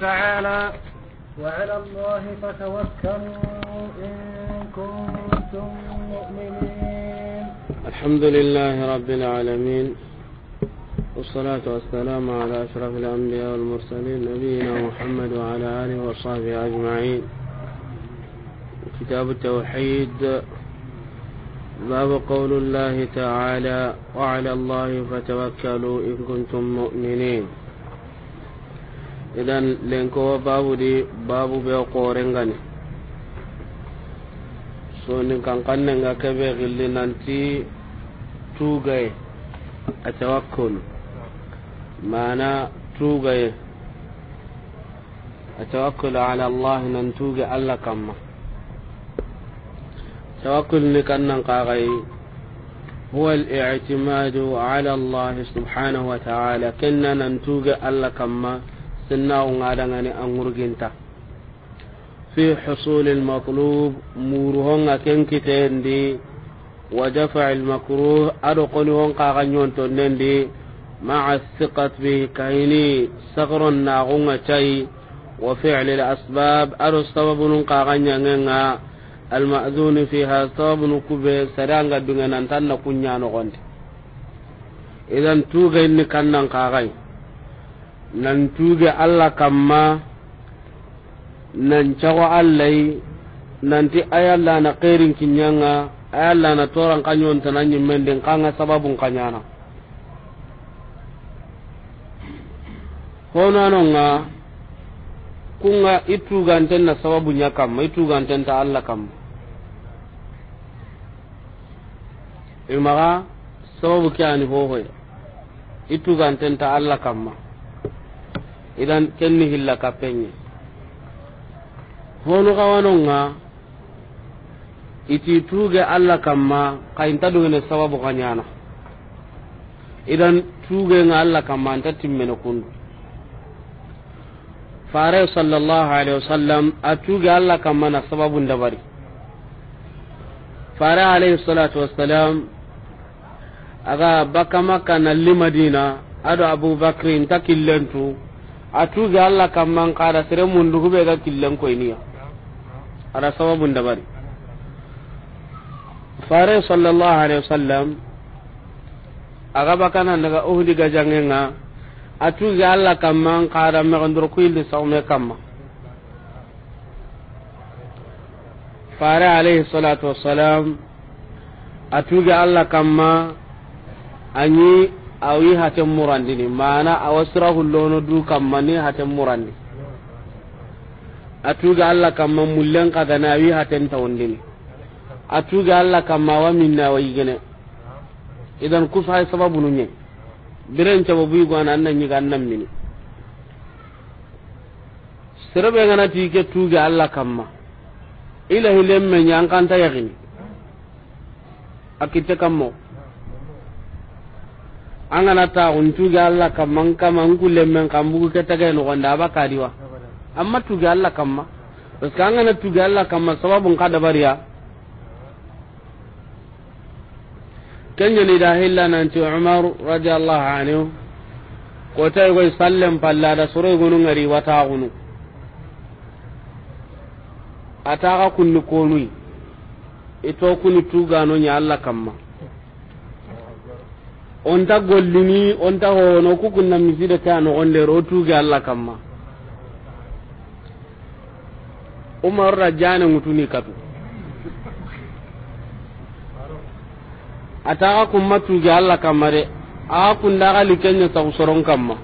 تعالى وعلى الله فتوكلوا إن كنتم مؤمنين الحمد لله رب العالمين والصلاة والسلام على أشرف الأنبياء والمرسلين نبينا محمد وعلى آله وصحبه أجمعين كتاب التوحيد باب قول الله تعالى وعلى الله فتوكلوا إن كنتم مؤمنين idan lenkowa babu di babu be koren gani so nin kankannen ga kebe gilli nanti tugaye a tawakkulu mana tugaye a tawakkulu ala Allah nan tuge Allah kamma tawakkul ni kannan kagayi هو الاعتماد على الله سبحانه وتعالى كنا ننتوج الله كما tinnawo ngadangani angurginta fi husuli lmatlub muruhonga kenkiteendi wa dafai lmakruh aɗo konihon kaga ñontonnendi maca siqat bihi kahini sagron nagunga cai wa ficli lasbab aɗo sababunun kaga ñangenga almazuni fiha sababunu kube sadanga dungenantan na kunñanogondi idan tugainni kannan kagay nan tuge allah kamma nan cawa allah nanti ayalla na qirin kinyanga ayalla na toran kanyon tananyi nyimmen kanga sababun kanyana nga ku kunga itu ganten na sababu nyakam itu ganten ta Allah kam imara sababu kyani hoho itu ganten ta Allah kamma idan kenni hilla kappenye honu kawanonga iti tuge alla kamma ta dugene sababu kanyana idan tuge nga alla kamma anta timmene kundu faray sallallahu alaihi wasallam a tuge allah kamma na sababu ndabari faray alaihi salatu wassalam aga baka makka nalli madina ado abubakri nta killentu ga allah kamman kada mun duhu be ga ko iniya ara sababun bari fare sallallahu alaihi wasallam aga bakana daga uhdi ga jangenga ga allah man kada me gondor kuyilli sawme kamma fare alaihi salatu wassalam ga allah ma anyi awi murandi murandini mana awa sira hullono du kamma ni haten murandi atuga allah kamma mullen kadani awi ni atu ga alla kamma wa minna awa yigene idan sai sababu nunye biren go yigwana annan nyiga nan mini serebe ngana tike tuge allah kamma ilahi lemme nyankanta yakini akitte kammo angana ta untu ga Allah kamman kama ngulle men kambu ke ga no wanda ba diwa amma tu ga Allah kamma parce que angana tu ga Allah kamma sababun kada bariya kenya ni da hilla nan ti Umar radiyallahu anhu ko ta yi sallam falla da soro gunun ari wata gunu ataka kunni konui ito kuni tu ga no nya Allah kamma onta gollini onta hono kukunna miside ka nogondere o tuge allah kamma umar ra jane ŋutuni katu ataxa kumma tuge allah kamma de axa kundaxa likenya ta usoron kamma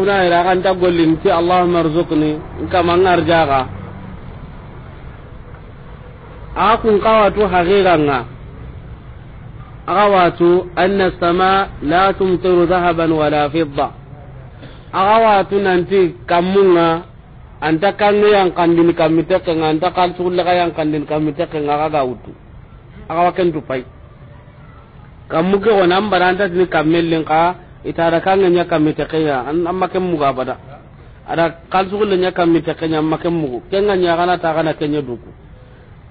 una ira kan ta gollini ti allahuma arzukni nkama ngarjaxa a kun xawatu haqiqanga أغواتو أن sama لا تمطر ذهبا ولا فضة أغواتو nanti كمونا أنت kannu yang kandini kami tekenga anta kal sulaga yang kandini kami tekenga aga utu aga waken tupai ke tini kammelin ka itara kanga nya kami tekenga amma kem muga bada ada kal nya kami tekenga amma kem mugu kenga nya kana ta kana kenya duku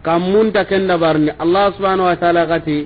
kamun ta kenda barni allah subhanahu wa taala gati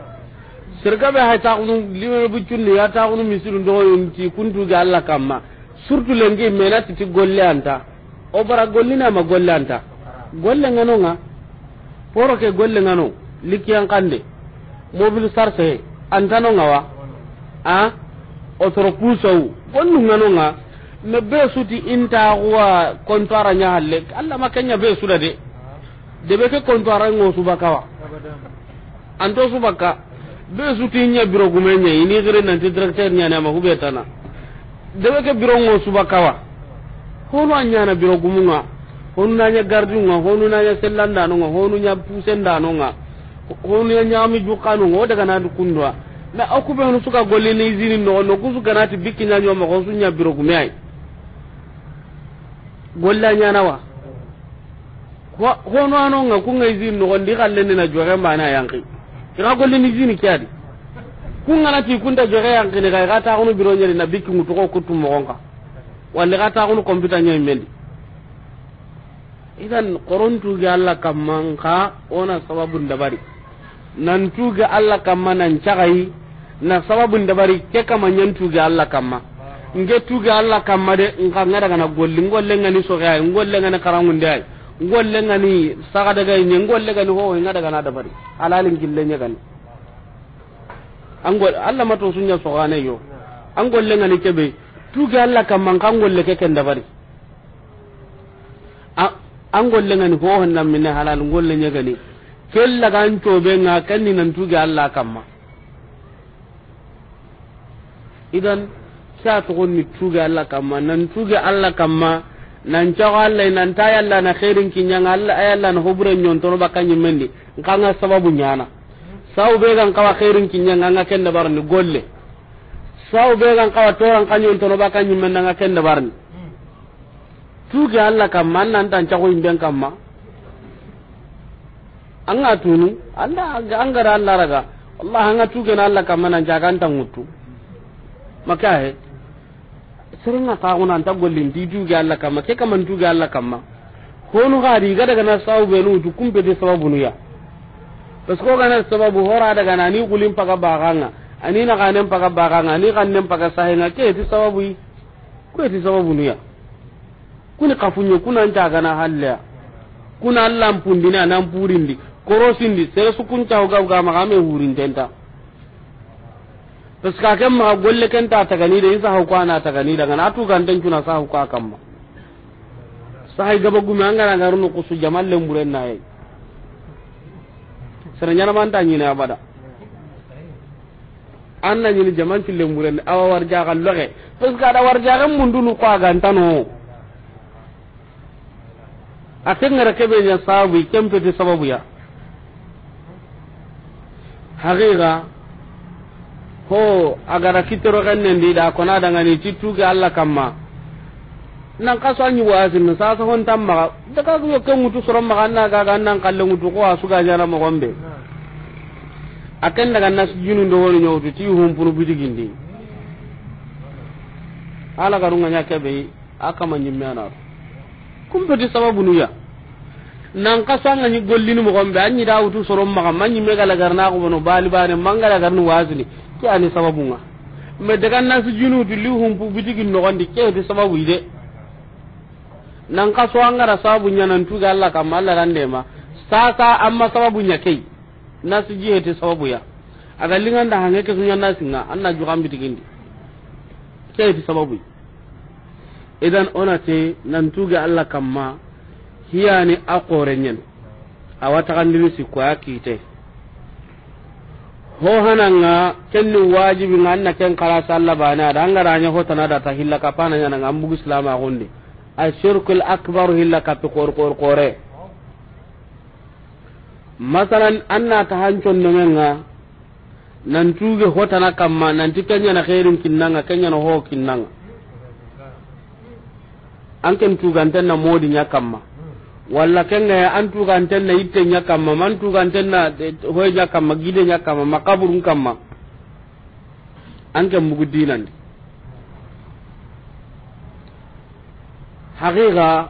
sirka be hay taxunu liwe bu cunni ya taxunu misiru ndo yonti kuntu ga Allah kamma surtout lengi mena ti golle anta o bara na ma golle anta golle ngano nga poro ke golle ngano an kande mobil sarse no nga wa a toro kusau bonnu ngano nga me be suti inta wa kontara nya halle alla makanya be suda de debe ke kontara ngo wa anto subaka be suti nya biro gumenya ini gere nanti directeur nya nama hubeta tana dewe ke biro ngo suba kawa hono anya na biro gumunga honu nya gardu nga honu nanya sellanda nga honu nya pusenda nga honu nya mi jukanu ngo daga na dukundwa na aku be honu suka golle ni izini no no kusu ganati nya nyoma ko sunya biro gumenya golla nya nawa honu anonga kunga izini no ndi kalle ni na jore mbana yanki ira golli ni jini kiadi ku ngana ti kun da jere yang kini kai kata kunu biro nyeri na biki ngutu ko kutum mogonka walla kata kunu komputa nyoy mendi idan qorontu ga Allah kamman ka ona sababun dabari nan tu ga Allah kamma nan chagai na sababun dabari ke kama nyantu ga Allah kamma nge tu ga Allah kamma de ngara ngara golli ngolle ngani so ga ngolle ngani karangunde ay ngolle ngani saga daga ni ngolle gani ho inga daga na da bari alalin gille nya gani an gol Allah mato sunya gane yo an golle ngani kebe tu ga Allah kam man kan golle ke ken da bari an golle ngani ho nan min halal ngolle nya gani kella kan to be nga kan ni nan tu ga Allah kam ma idan sa to ni tu ga Allah kam ma nan tu ga Allah kam ma nan cago allah nan ta yalla na khairin kinyanga allah Allah na hubure nyontono bakanyi mendi nkanga sababu nyana saw be gan kawa khairin kinyanga nga kenda barni golle saw be gan kawa toran kanyon kan bakanyi menda nga kenda barni tuge allah kan man nan tan cago imben kan ma an anga tunu allah ga allah raga allah anga tuge na allah kan man nan jagan tan mutu makahe serenga kaxuna anta di juge allah kama ke kaman juge allah kamma honu di iga daga na utu kumpeti sababunuya parce que ogana sababu hora na ani gulin paga baganga ani naxanen paga baganga ani xannen paga sahenga ke eti sababui ku eti sababunuya kuni kafuñe kunancagana halleya kuna allanpundini anan purindi korosindi sere sukuncahu hurin hurintenta to ska kan ma golle kan ta ta gani da isa ha kwa na ta gani da gana tu kan dan kuna sa ha ko kan ma sai gaba gumi an gara garu ku su jamal lemburen na yi sanan yana man tan yina bada an na yini jaman ti na awa warja kan loge to da warja kan mun dunu ko no tanu akan ngara kebe ya sabu kempe ti sababu ya haqiqa ho agara kitoro ndi da kona titu ga allah kamma nan kaso anyi wasin sa sasa hon tamma da ka go kan mutu soro ma kan ga ga nan kallon mutu ko asu ga jara ma gombe hmm. akan daga nas jinu ndo woni nyawtu ti hum puru gindi ala garunga nya kebe aka ma nyimme na kum to di sababu nuya nan kaso an anyi gollini mo gombe anyi da wutu soro ma kan nyimme gala garna ko no bali bane mangala garnu wasini ke ani sababu nga me daga nasu jinu dulli humpu bitigin nogondi ke di sababu ide nan ka so an gara sababu nya nan tuga Allah kam Allah ran de ma sa-sa sasa amma sababu nya kai nasu jihe ti sababu ya a aga lingan da hange ke sunya nasu nga anna jugam bitigin di ke di sababu idan onate nan tuga Allah kam ma hiyani akorenyen awata kan dilisi kwa kite ho hananga kenni wajibi nganna ken kala salla bana ada angara nya hota na data hilla kapana nya nga ambu islama a gondi ashirkul akbar hilla kapi kor kor kore masalan anna ta hancon nga nan tuge hota na kamma nan tikanya na khairin kinnanga kenya no ho kinnanga an ken tugan tan na modi nya kamma walla kenga an tugantenna itte nya kamma man tugantenna hoy nya kamma gide nya kamma makaburun kamma an kan mugu dinan haqiqa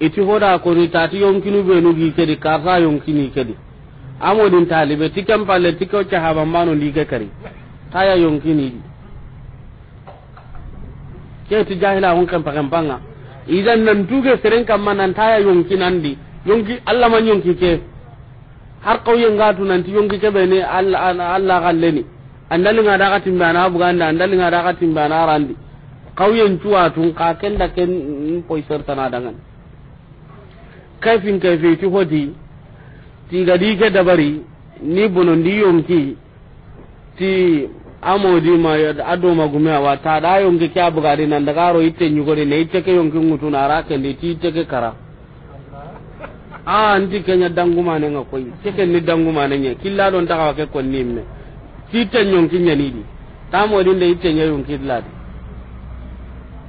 iti hoda ko koni tati yonkinu no gi kedi ka karsa yonkini kedi amo din talibe ti kam palle ti ko cha haba manu ndi ga kari ta taya yonkini ke ti jahila hon kan pakam panga idan nan tuge seren ma nan taya yonki nan di yonki allah man yonki ke har kauyen gatu ti yonki ke bene allah kalleni andali nga daga timbana buganda andali nga daga timbana randi kauyen cuwatun ka ken da ken poiser tana dangan kaifin kaife ti hodi ti gadi ke dabari ni bonondi yonki ti amodi ma ado ma gume wa ta da yonki kya bugari nan daga ro ite nyugore ne ite ke yonki ngutu na rake ndi ti ite ke kara a ndi kenya danguma ne nga koy ke ni danguma ne nya killa don ta ka ke konni me ti itte nyonki nya ni di ta modi nde ite nya yonki ladi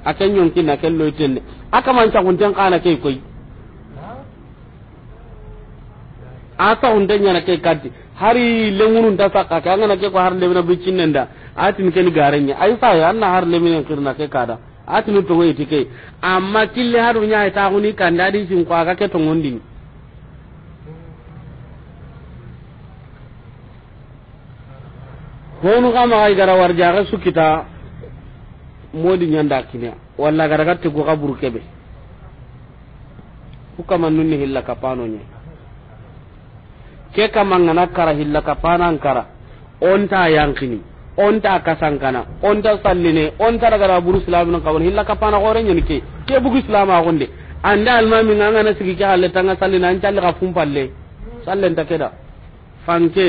akan yonki na kello ite ne aka man ta kuntan kana ke koy a ta hunde nya na ke kadi hari lengunun ta saka ka ngana ke ko har lemina bicin nan da atin ken garenya ai fa ya anna har lemina kirna ke kada atin to wai tike amma kille haru nya ta huni kan dadi sin kwa ka ke to ngondin honu kama ay gara war jaga su kita modi nyanda kinya wala gara gatte go kaburu kebe hukaman nunni hilla kapano nya ke kamangana kara hilla kapanan kara onta yankini onta kasankana onta salline onta daga da buru islamin kawon hilla kapana gore nyani ke ke bugu islama gonde anda min nganga na sigi ke halle tanga sallina an challe ka fumpalle sallen ta keda fanke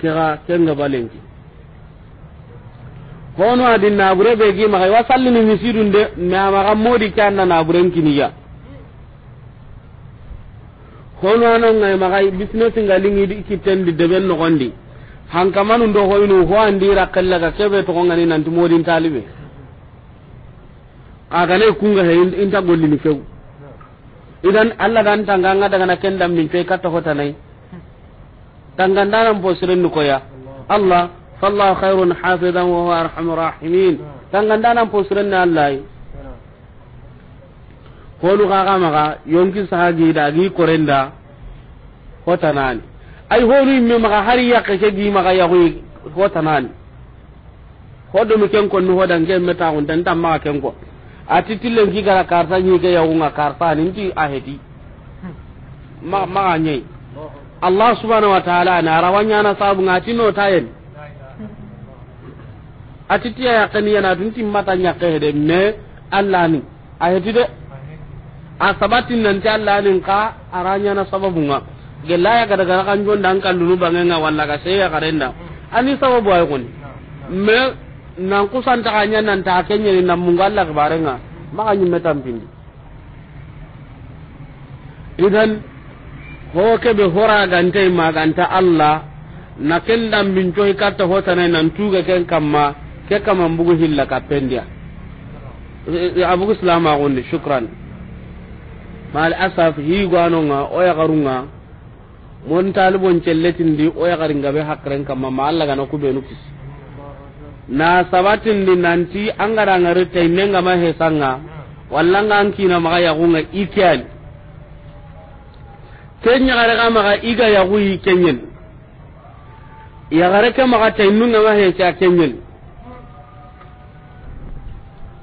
kira kenga balenki hono adin nabure be gi maga wa sallini misidun de ma maga modi na naburen kiniya hono non ngai magai business ngalingi di kiten di deben no gondi hankamanu ndo hoyinu ho ra kalla ga kebe to ngani nanti modin talibe aga ne kunga he inta golli ni kew idan alla dan tanga nga daga na kenda min pe katta hota nai tanga ndaram bo sirin ko ya allah fallahu khairun hafizan wa huwa arhamur rahimin tanga ndaram bo sirin allah konu kaga maga yonki sahagi da gi korenda hota nani ai honu imme maga hari ya kake gi maga ya hui hota nani hodo mi ken konnu hoda nge meta on dan tamma ken ko ati tilen gi gara karta ni ke ya unga karta ni ti ahedi ma ma nyai allah subhanahu wa ta'ala na rawanya na sabu ngati no tayen ati tiya yakani yana dun timmata nyakhe de me allah ni ahedi de a sabatin nan ta Allah nin ka aranya na sababu nga gella ya gara gara kan jonda an kallunu bangenga walla ka sai ya karenda ani sababu ay kun me nan kusan ta anya nan ta kenya ni nan mun galla ka barenga maka nyimme tampindi idan ho kebe hora gante ma ganta Allah na kenda min joy katta hota nan nan tuga ken kamma ke kamam bugu hilla kapendia eh, eh, abu islam gonde shukran mal asaf hi nga higanonga garunga mon talibon garinga be hakren kamma ma allah ku benu kisi na di nanti angarangari ma hesanga wallanga nga na maga yagunga ikeyani ken gare ga maga iga yaguyi ya gare ke maga ma hesa kenyen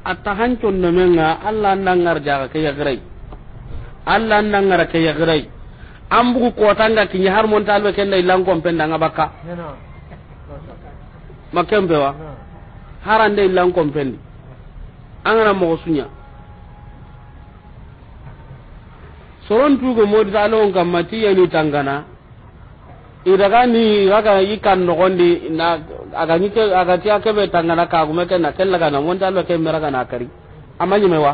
atta hancondomenga allah andangarjaga ke yagirai alla andan ngara ke yagirai an bugu kotanga kinya har monta albe kenda ilan kompen danga bakka makembe wa harande lan kompen an mo sunya soron tugo modi ta lon yani tangana ni waga ikan na aga ni ke aga ti akebe tangana ka na kella kana monta albe ke kari amanyi mewa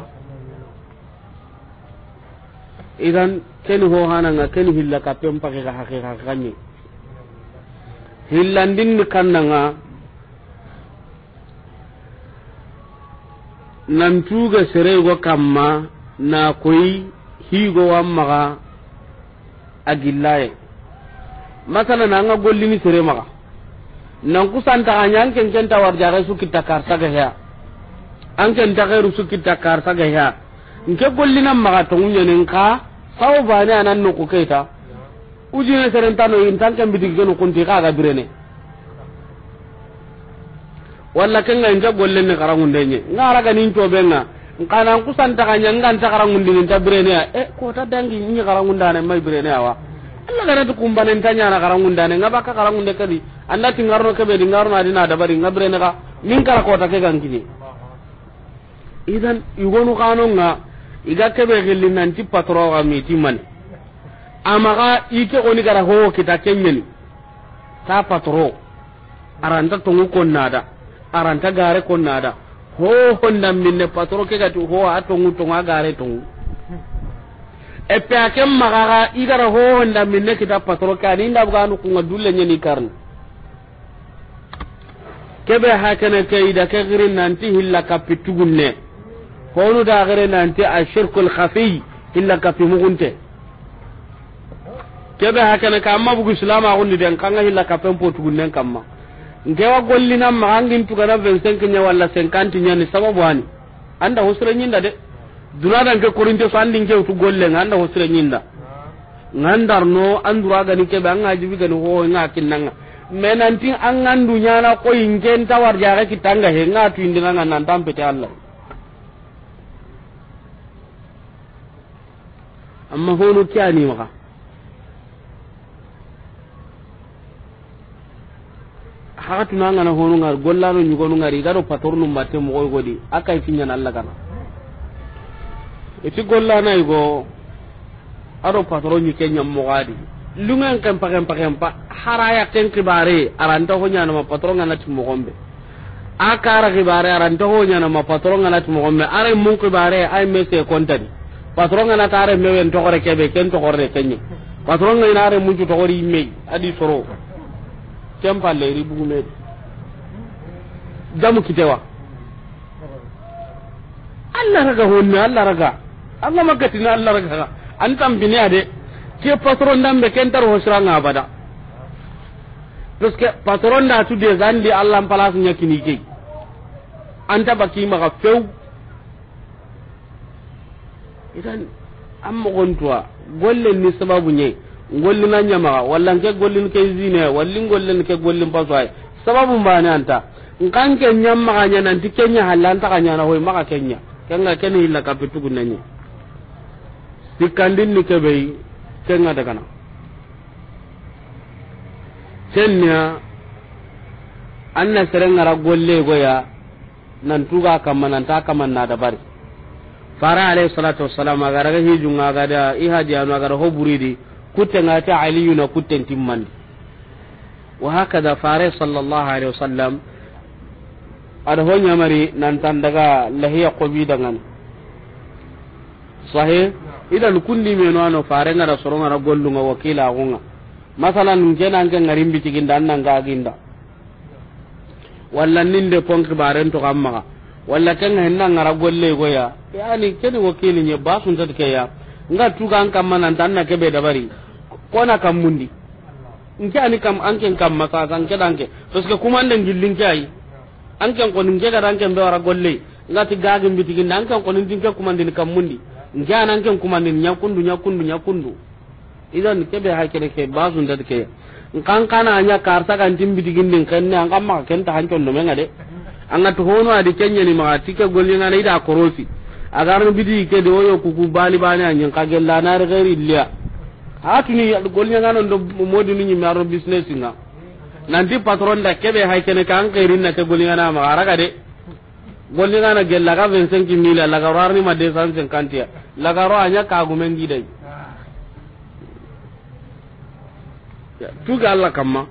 idan ken ho hananga ken hilla pem pake ga hakika hilla hillandin ni kannanga sere go kamma na koyi higo wammaga a gillaye masala na nga ni sere maka. nan kusanta anya an ken kenta jare su kitta karsaga ya an ken tageru su kitta karsaga ya nke gollina maga nen ka ba ne anan noku keita ujune serentano in tan ken bitigi kenu kunti kaga birene walla kenga inte gollenni karangundenye nga araganin cobenga nkanan kusantakanya nganta karangundini nta bireneya e ta dangi ñi ne mai ya wa alla ganati kumbane nta ne ngaba ka bakka karangunde kadi annati ngarno keɓedi ngarno adina dabari nga birene ka min ko ta ke gankini idan igonu kanonga iga kebe gilli nanti patro ga miti man amaga ike oni gara ho kita kenyen ta patro aranta tungu konnada aranta gare konnada ho honda minne patro ke gatu ho atungu tunga gare tungu e pe akem magaga igara ho honda minne kita patro ka ni nda buga nu kunga dulle nyeni karn kebe hakene ke ida ke girin nanti hilla kapitugunne honu dagere nanti ashirku alkhafi illa ka fi mugunte kebe hakana ka amma bugu islama gundi den kanga illa ka pen potu gunnen kamma wa golli nam ma angin tu kana 25 nya walla 50 nya ni sababu ani anda husre nyinda de dunada nke korinte so andi nke tu golle anda husre nyinda ngandar no andura gani kebe anga jibi gani ho nga kinnanga menanti nya na ko ingen tawar jaga kitanga he nga tu indinga nan tampete Allah amma honu kyani maka hakatu na ngana honu ngari gollano nyugonu ngari garo patornu mbatte mo goy godi akai finya na Allah kana iti gollana igo aro patoro nyu kenya mo gadi lungan kan pakem pakem pa haraya ken kibare aranta ho nyana ma patoro ngana timo gombe akara kibare aranta ho nyana ma patoro ngana timo gombe are mun kibare ay mese kontani patron ngana tare mewen to gore kebe ken to gore kenyi patron ngana are munju to gore imme adi soro kem palle ri me damu kitewa Allah raga honne Allah raga Allah na Allah raga an tambine ade ke patron dambe ken tar hosra ngabada parce que patron da tu de zandi Allah palas nyakini ke anta baki ga fewu. idan an gontuwa golle ni sababu ne golli na nyama walla ke golli ke zine walli golli ke golli paswa sababu mbane anta nkan ke nyamma kanya nan tikenya halanta kanya na hoy maka kenya kenga kene illa kapitu gunanye sikandin ni ke bai kenga daga na kenya anna serengara golle goya nan tuga kamana nan ta kamma na da bari fara alayhi salatu wassalam agara ga hijun da ihaji an agara ho buridi kutte ngati aliyu na kutte timman wa hakada fara sallallahu alaihi wasallam ada ho nyamari nan tan daga lahiya qobi dangan sahih ida lukundi no ano fare ngara soronga na gollunga wakila gunga masalan ngena nge ngarimbi tiginda nan ga ginda walla ninde ponki baren to kamma walla kan henna ngara golle goya yani kene wakili nye basun tat ya nga tuka an kam manan tan na kebe dabari kona kam mundi nke ani kam anke kam masa san kedanke parce que kuma nden gillin kai anke ko ninge ga ranken be wara golle nga ti gage mbiti nan anke ko nin dinke kuma ndin kam mundi nke an anke kuma ndin nyakundu nyakundu nyakundu idan kebe ha ke basu tat keya nkan kana anya karta kan timbitigin din kan ne an kan maka kenta hancon do de an tuhono adi kenya ni ma tike gollinga ne ida korosi agarni bidi ke de oyo kuku bali bani anyen kagella na re gari liya hatuni golnya ngano ndo modi ni nyi maro business nga nanti patron da kebe hay kene kan kairin na ke golnya na ma araga de golnya ngana gella ka 25 mila la gararni ma de 150 ya la garo anya ka gumengi dai tuga Allah kamma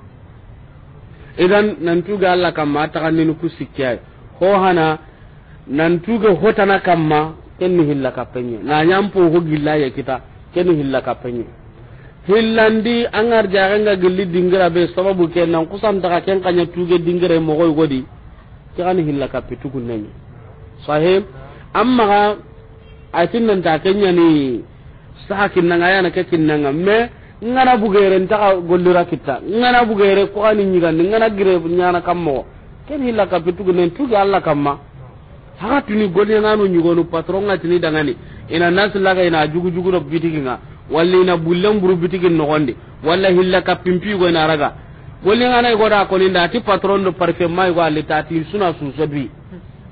idan nan tuga Allah kamma ta kanin ku sikkiya ho hana nan nantuge hotana kamma kenni hilla kappenye na nyampo ko gilla ya kita kenni hilla kappenye hillandi angar jarenga gilli dingira be sababu kenan nan kusan daga ken kanya tuge dingire mo goy godi kani hilla kappe tukunnye sahib amma ga atin nan ta kenya ni sahakin nan ayana kekin nan me ngana bugere ntaka gollira kitta ngana bugere ko ani nyigan ngana gire nyana kammo ken hilla kappe tukunnen tuge alla kamma haka tuni golle nanu nyugonu patron ga tuni dangani ina nasla ina jugu jugu no bitigi nga ina bullen buru bitigi no gonde walla hilla ka go ina raga golle ngana go da ko linda ti patron do parfait mai go alle ta ti suna su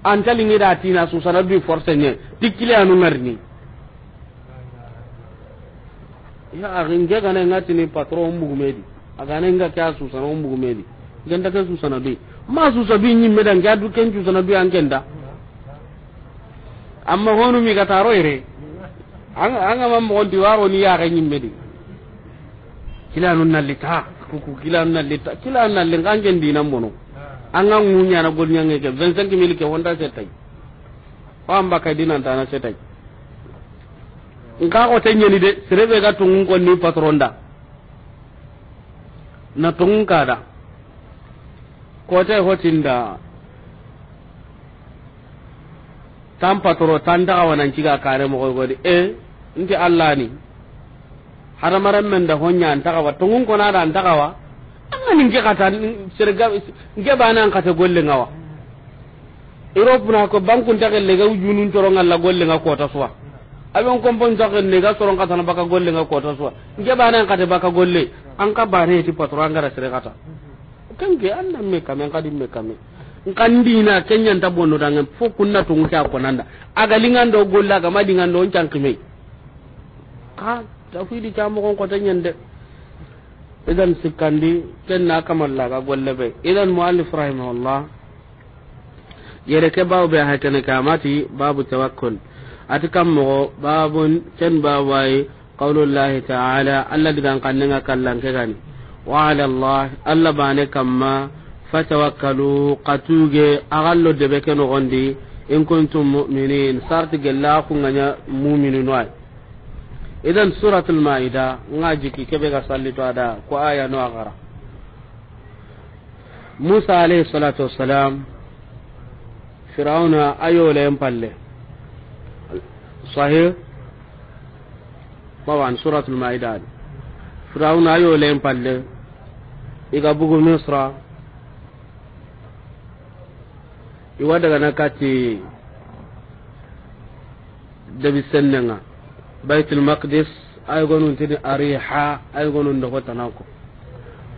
an tali da ti na su sana bi force ne tikile anu ya ga ngati ni patron mbugu medi aga ne nga kya su sana medi ganda ka su sana ma su ga du ken sana mm -hmm. amma honu mi ga taro ire an mam mo on diwaro ni ya ga nyimme di kilanu nalli ta kuku kilanu nalli ta kilanu nalli gen di nan mono anga ngunya na gol nyange ke 25 mil ke honda setai ko amba ka dinan ta na setai nka ko tenye ni de serebe ga tungun ko ni patronda na tungun kada ko te hotinda tan patoro tan daga wanan ciga kare mo go de e eh, nti allah ni hada maran men da honya an daga wa ko na da an daga wa ni nin ke kata sirga nge banan kata golle ngawa europe na ko bankun ta gelle ga wujunun toro ngalla golle nga kota suwa abon bon ta gelle ga toro kata na baka golle nga kota suwa nge banan kata baka golle an ka bare ti patoro an gara sirga ta kan ke annan me kamen kadi me kamen nkandina kenyanta bonno dangan fo kunna tungu kya konanda aga lingando golla aga madingando on chankime ka tafidi cha mo kon kota nyande idan sikandi ken na kamalla ga golle be idan muallif rahimahullah yere ke babu be ha tane kamati babu tawakkul atikam mo babun ken babai qawlu allah ta'ala alladhi kan kanna kallan ke gani wa ala allah alla bane kamma fatawakkalu qatuge agallo debe ke nogondi in kuntum mu'minin sarti gella kunganya mu'mininu ay idan suratul maida nga jiki kebe ga sallito ada ko aya no agara musa alayhi salatu wassalam fir'auna ayo le palle sahih طبعا سورة المائدة فرعون أيو لين بالله إذا بقوا مصر iwa daga na kati nan sennenga baitul maqdis ay gonu tin ariha ay gonun na ko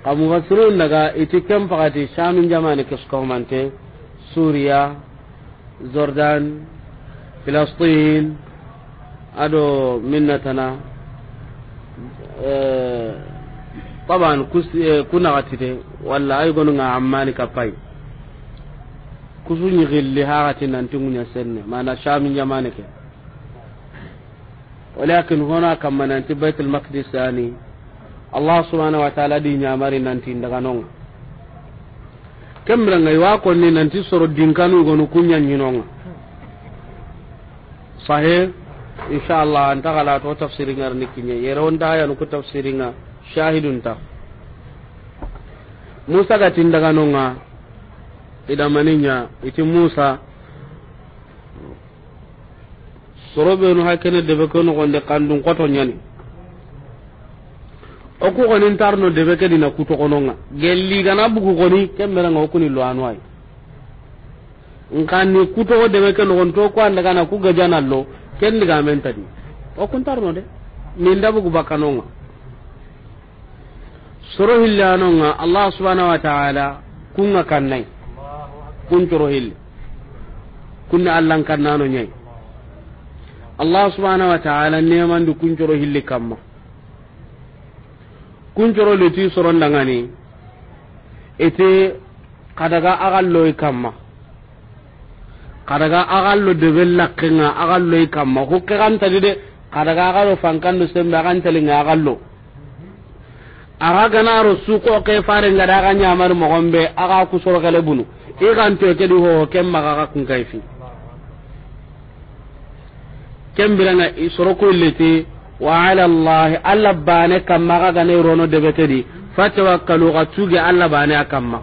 kamu fasirun daga iti kem pakati shamin jamani mante suriya jordan filastin ado minnatana eh, taban eh, kunaxatite walla ay gonunga ammani kappayi kusu ñigilli haxati nanti ŋuña senne mana shami jamane ke walakin hona kamma nanti baitul maqdis ani allah subhanahu wa ta'ala di ñamari nanti ndaganonga kemmirangai wa konni nanti soro gonu dinkanugonu kuñañinonga sahe allah anta gala to ngar ni kiñe yere wontahayanu ku tafsiringa shahidun ta musa tindaga ndaganonga maninya iti musa no hakene debe ke gonde kandun koto ñani oku goni ntarno debe ke dina kutogononga gelligana bugu goni nga okuni loanu ay kuto kutogo debe ke gonto ko ku kana ku lo ken men tadi okun tarno de baka bugu nga soro nga allah subhanahu wa taala kunga kannai kuntoro hilli kunni allan kannano nyai allah subhanahu wataala ta'ala nemandi kuncoro hilli kamma kuncoro leti sorondangani ete kadaga agalloy kamma kadaga agallo debe lakkenga agalloy kamma hukke kantadi de kadaga agalo fankando sembe agantalinga agallo aga ganaro suko ke fare ngada aga nyamar mogonbe aga kusoro kale bunu iganto kedi ho kem maga kun kaifi e kem biranga isoro e kulliti wa ala allah alla bane kam maga gane e rono debe kedi tawakkalu ga tuge alla bane ma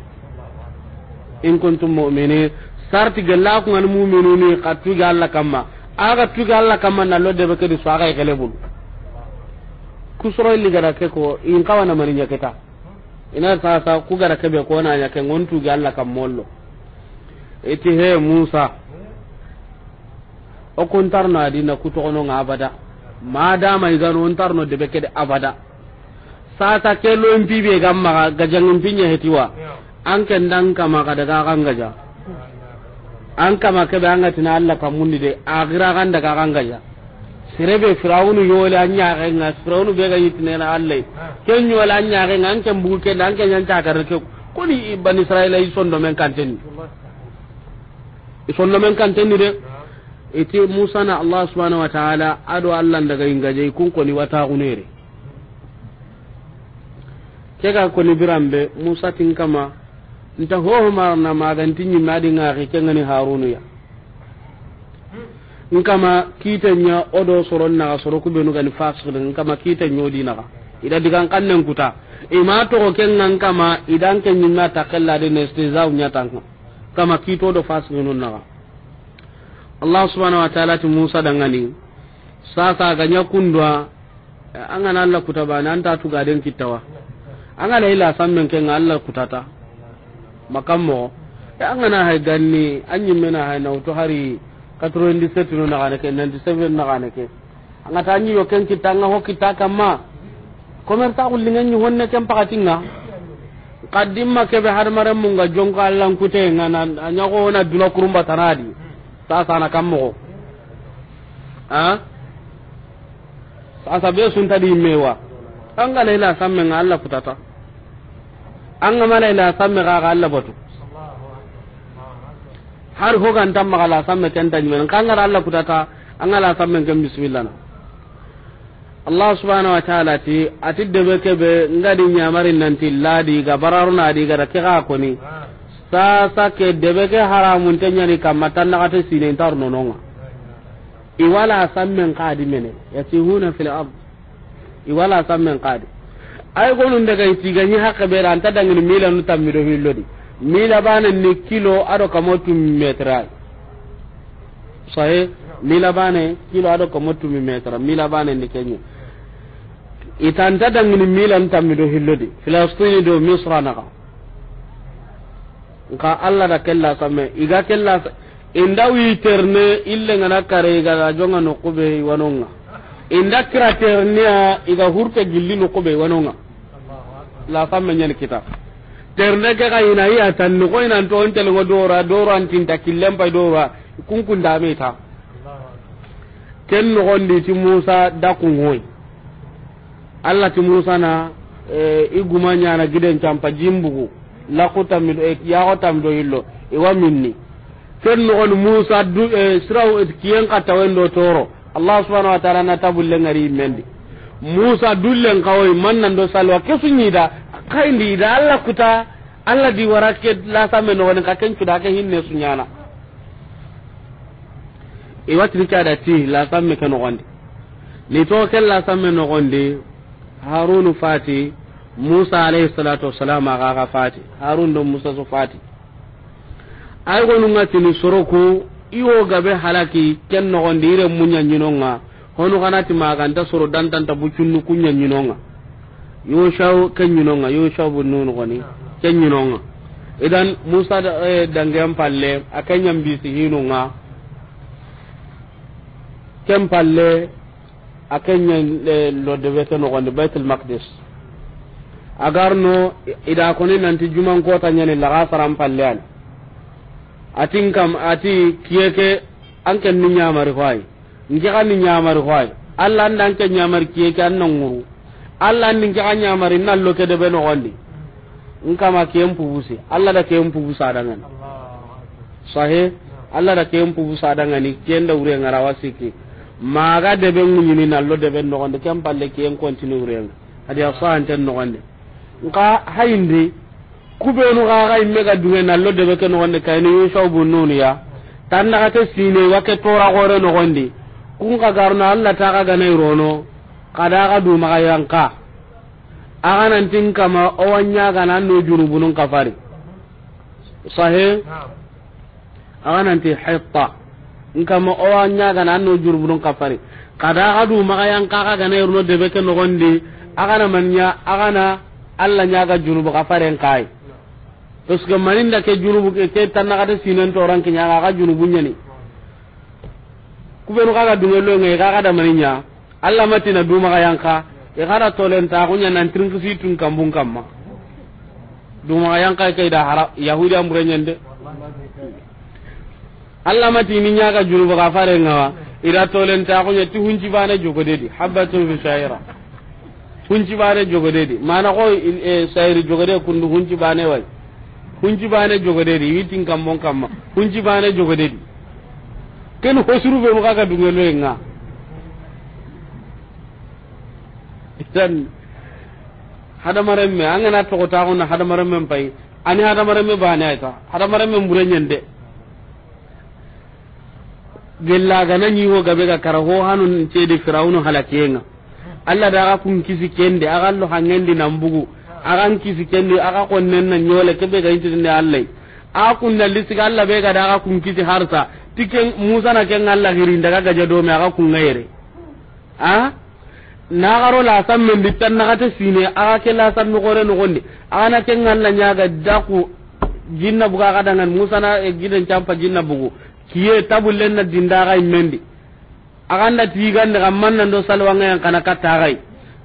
in kuntum mu'minin sarti gella ku ngani mu'minuni ka tuge alla kamma aga tuge alla kamma na lo debe kedi swaga ikele bulu kusoro illi gara ke ko in kawana mani nyaketa ina sasa ku gara kebe ko na nyake ngon tuge alla kam mollo iti he musa o kun tarno adina kutogono nga abada madama igano on tarno debe de abada sata ke lompi be gamma ga jangin pinya hetiwa an kan dan kama ka daga kan gaja an kama ke an tina Allah kan mun de agira kan daga kan gaja sirebe firawunu yole an ya ga ngas firawunu be ga yitne na Allah ken yola an ya ga an kan buke dan kan yan ta garke kuni bani israila yi do men kan tenni ifonno men tenni de iti musa na allah subhanahu wa ta'ala ado allah daga ingaje kun ni wata unere kega ni birambe musa tin kama nta hoho marna maganti ñimme adi ŋaaki ya kama nkama kiitenya odo soron na soro kubenugani fasikde nkama kiitenya odi na ida digan kan nen kuta ima toxo kenga kama idan ke ñimme a takkelladi nya uñatanka kama kito do fasiginu naga allah subhanahu wa ta'ala ti musa dangani sasa ganya kundwa an allah kutabani an ta tuga den kittawa an ila sammen ken allah kutata makam mo e an gana hay ganni an yimmena hay uto hari 97 no naga ke 97 naga ke an ta nyi yo ken kitanga ho kitaka ma komerta ulingan ni honne ken pakatinga kaddimma kebe hadmaren munga jonko allankute ngana anyagowona duna kurumba tanadi sasana kammogo a sasa be suntadi yimmewa angana ila samme nga allah futata angamana ila samme kaga allah batu har hogantan magala samme kentanyimenen kangara allah futata angala samme ken bisimillana allah subhanahu wa ta'ala ti ati debe kebe ngadi nyamari nanti ladi ga bararuna adi ga ke ga koni sasa ke debe ke haramun te nyani kamma tan na kata sine tar nononga iwala sammen qadi mene yatihuna fil ard iwala sammen qadi ay gonun daga itigani hakka be ran tadangin milan tammido hillodi mila bana ni kilo ado kamotu metra sahe mila bana kilo ado kamotu metra mila bana ni kenye itanta dangini milan tammi do hillodi filastini do misra naga nka allah da kella samme iga kella inda witerne ille ngana kare iga jonga no kube wanonga inda kraternia iga hurte gilli no kube wanonga la samme nyen kita terne ke ga ina ya tan no ina to ontel go dora dora antinta killempa dora kunkun dame ta ken no gondi ti musa da kun hoyi allah ti musa na eh, i guma ñana giden campa jimbugu lakutamido eh, yaxotamido yillo iwa minni ken nogoni musa du eh, siraw kiyen kattawen do toro allah subhanau wa taala na tabullengari yimmendi musa dullen kawoy man nan do salwa kesu ñida kayndi ida allah kuta allah di wara ke lasame nogoni ka ken cuda ke hinne su ñana iwatini cada ti lasame ke nogondi ni to ken lasame nogondi harunu fati musa alayhi salatu wassalam aga ga fati harun do فاتي fati iwo gabe halaki ken no ire munya nyinonga honu kanati maganta soro dantanta bucunnu kunya nyinonga yo shaw ken nyinonga yo shaw goni ken nyinonga idan musa eh, dangem palle akanyam bisi hinunga ken palle akenya lo debete no gonde baitul maqdis agarno ida koni nanti juman kota nyani la saram pallean atin kam ati kiyeke anken ni nyamari hoy ngi kan ni nyamari hoy alla dan ke nyamari kiyeke an nguru alla ndin ke nyamari nallo ke debe no gondi nkama ke pubusi alla da kem pubusa dangan sahe alla da kem pubusa dangan ni kenda ure ngarawasiki maga debe na lo debe nogonde ken palle kien continue renga adi a soanten nogonde nka hayindi kubenu gaga imme ga na lo debe ke nogonde kayni yusau bunnunu ya tannagate sine wake tora gore nogondi kun ka garno allah taga ganai rono kada aga dumaga yanka aga nantin kama owanyagana anno junubunun kafari sahe aga nanti hitta nkama n'o ñagana anno jurbudun kapari kada aga du ma ka magayan kaga gana yerno debe ke nogondi agana manya agana alla ñaga jurubu kaparen kai parce que maninda ke jurubu ke ke tannagata sinen toran ke ñaga aga jurubu ñani kubenu kaga dungelo ngai kaga da maninya alla matina du ma magayan ka e gara tolen ta kunya nan trinkisi tun kambun kamma du magayan kai kai da hara yahudi amure nyende allah mati ni nyaga junubu ga fare ngawa ira tolen ta kunya ti hunji bana jogodedi habbatun fi shaira hunji bana jogodedi mana ko eh, sayri jogode kundu hunji bana wai hunji bana jogodedi witin kammon kamma hunji bana jogodedi ken hosuru be mo kaga dungelo nga itan hadamaremme angana togotaxuna hadamaremme pay ani hadamaremme bane ayta hadamaremme mure de gella gana ñiwo gabe ga kara ho hanun cedi firawunu halakiyenga allah da aga kun kisi kende aga lo hangendi nan bugu aga kisi kende aga konnen nan na ke be ga intinde allah a kun na ga allah be ga da aga kun kisi harsa tikin musa na ken allah hirin daga ga jado me aga kun ngayre a na garo la san men bitan na gata sine aga ke la san no gore no gonde aga na ken allah nya nyaga daku jinna buga ga dangan musa na eh, gidan champa jinna bugu kiye tabullen na dindaga mendi aganda tigande gamman nan do salwanga yang kana katagai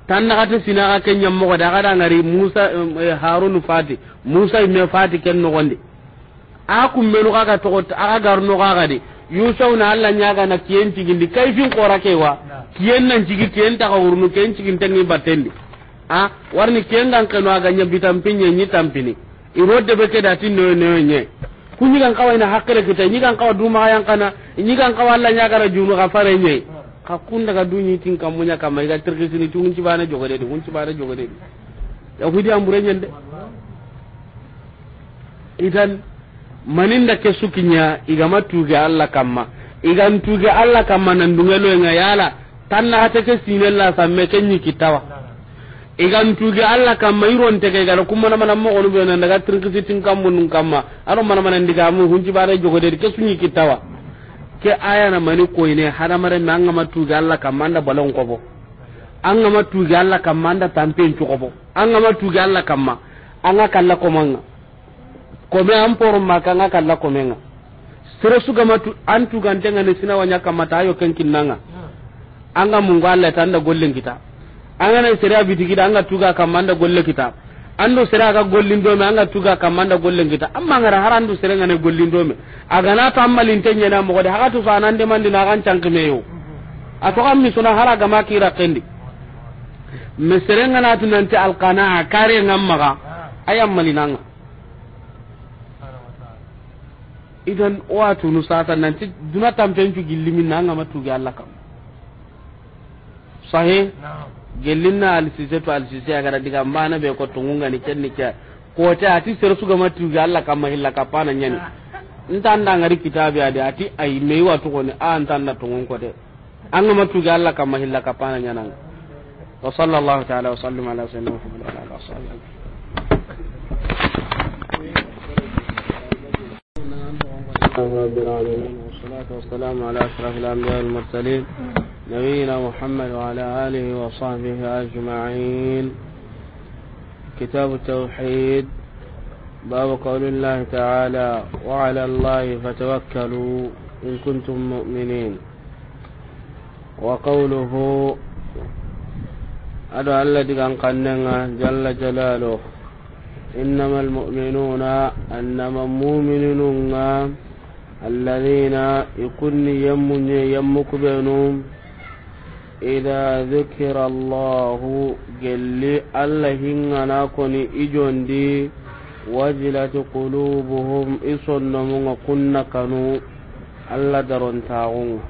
tan na kata sina ka kenya mo da kada ngari Musa eh, eh, Harun fati Musa me fati ken no gonde a kum menu ka to aga garno ka ga de Yusuf na Allah nya ga na kiyen tigindi kaifin qora kewa kiyen nan jigi kiyen ta ka urnu kiyen tigin tan ni batendi a ah, warni kiyen dan kanu aga nya bitam pinye ni tampini irode be ke datin no no nye kunyigan kawaina hakkele kita nyigan kawa duma yang kana nyigan kawa Allah nyagara junu ka fare nye ka kunda ka dunyi tin kamunya kama iga tirkisini tungun cibana jogode tungun cibana jogode ya hudi ambure nyende idan maninda ke sukinya igama tuge Allah kamma igan tuge Allah kamma nan dungelo nga yala tanna hata ke sinella samme kenyi kitawa igan tuge alla kamma iron tege gara kumana mana mo onu bena daga tirkisi tin kammo nun kamma aro mana mana ndiga mu hunji bare jogo de ke sunyi kitawa ke aya na mani ko ine hada mare ma ngama tuge alla kamma nda balon ko bo an ngama tuge alla kamma nda tampen ko bo an ngama tuge alla kamma an ga kala ko manga ko me an ma maka ga kala ko menga sere su ma tu an tu gantengane sina wanya kamata ayo kenkin nanga hmm. an mungwala mun tanda gollen kita angana sere bitigida anga tuga kamanda golle kita ando sere aga me anga tuga kamanda golle kita amma ngara harandu sere ngane me aga na ta amma lintenya na mogode haga to de mandi na kan cankimeyo ato kam mi suna hara ga makira kendi mesere ngana tu nanti alqanaa kare ngamma ga ayam malinanga idan watu nu sata nanti duna tampencu gillimin nanga matugi Allah kam sahih na alisise to alisise agara diga mana be ko tungunga ni kenni ke ko ati ser suga matu ga Allah kamma hilla kapana nyani ntan ngari kitabe ade ati ai me wa to koni a ntan tungun ko de an matu ga Allah kamma hilla kapana nyana wa sallallahu ta'ala wa sallim ala sayyidina muhammad wa ala alihi والصلاة والسلام على أشرف الأنبياء والمرسلين نبينا محمد وعلى آله وصحبه أجمعين كتاب التوحيد باب قول الله تعالى وعلى الله فتوكلوا إن كنتم مؤمنين وقوله أدعى الذي كان قننا جل جلاله إنما المؤمنون أنما مؤمنون الذين يكون يمني يمك بينهم إذا ذكر الله جل الله هنغنا كوني إجون دي وجلت قلوبهم إصن من قلنا كانوا ألا درون تاغون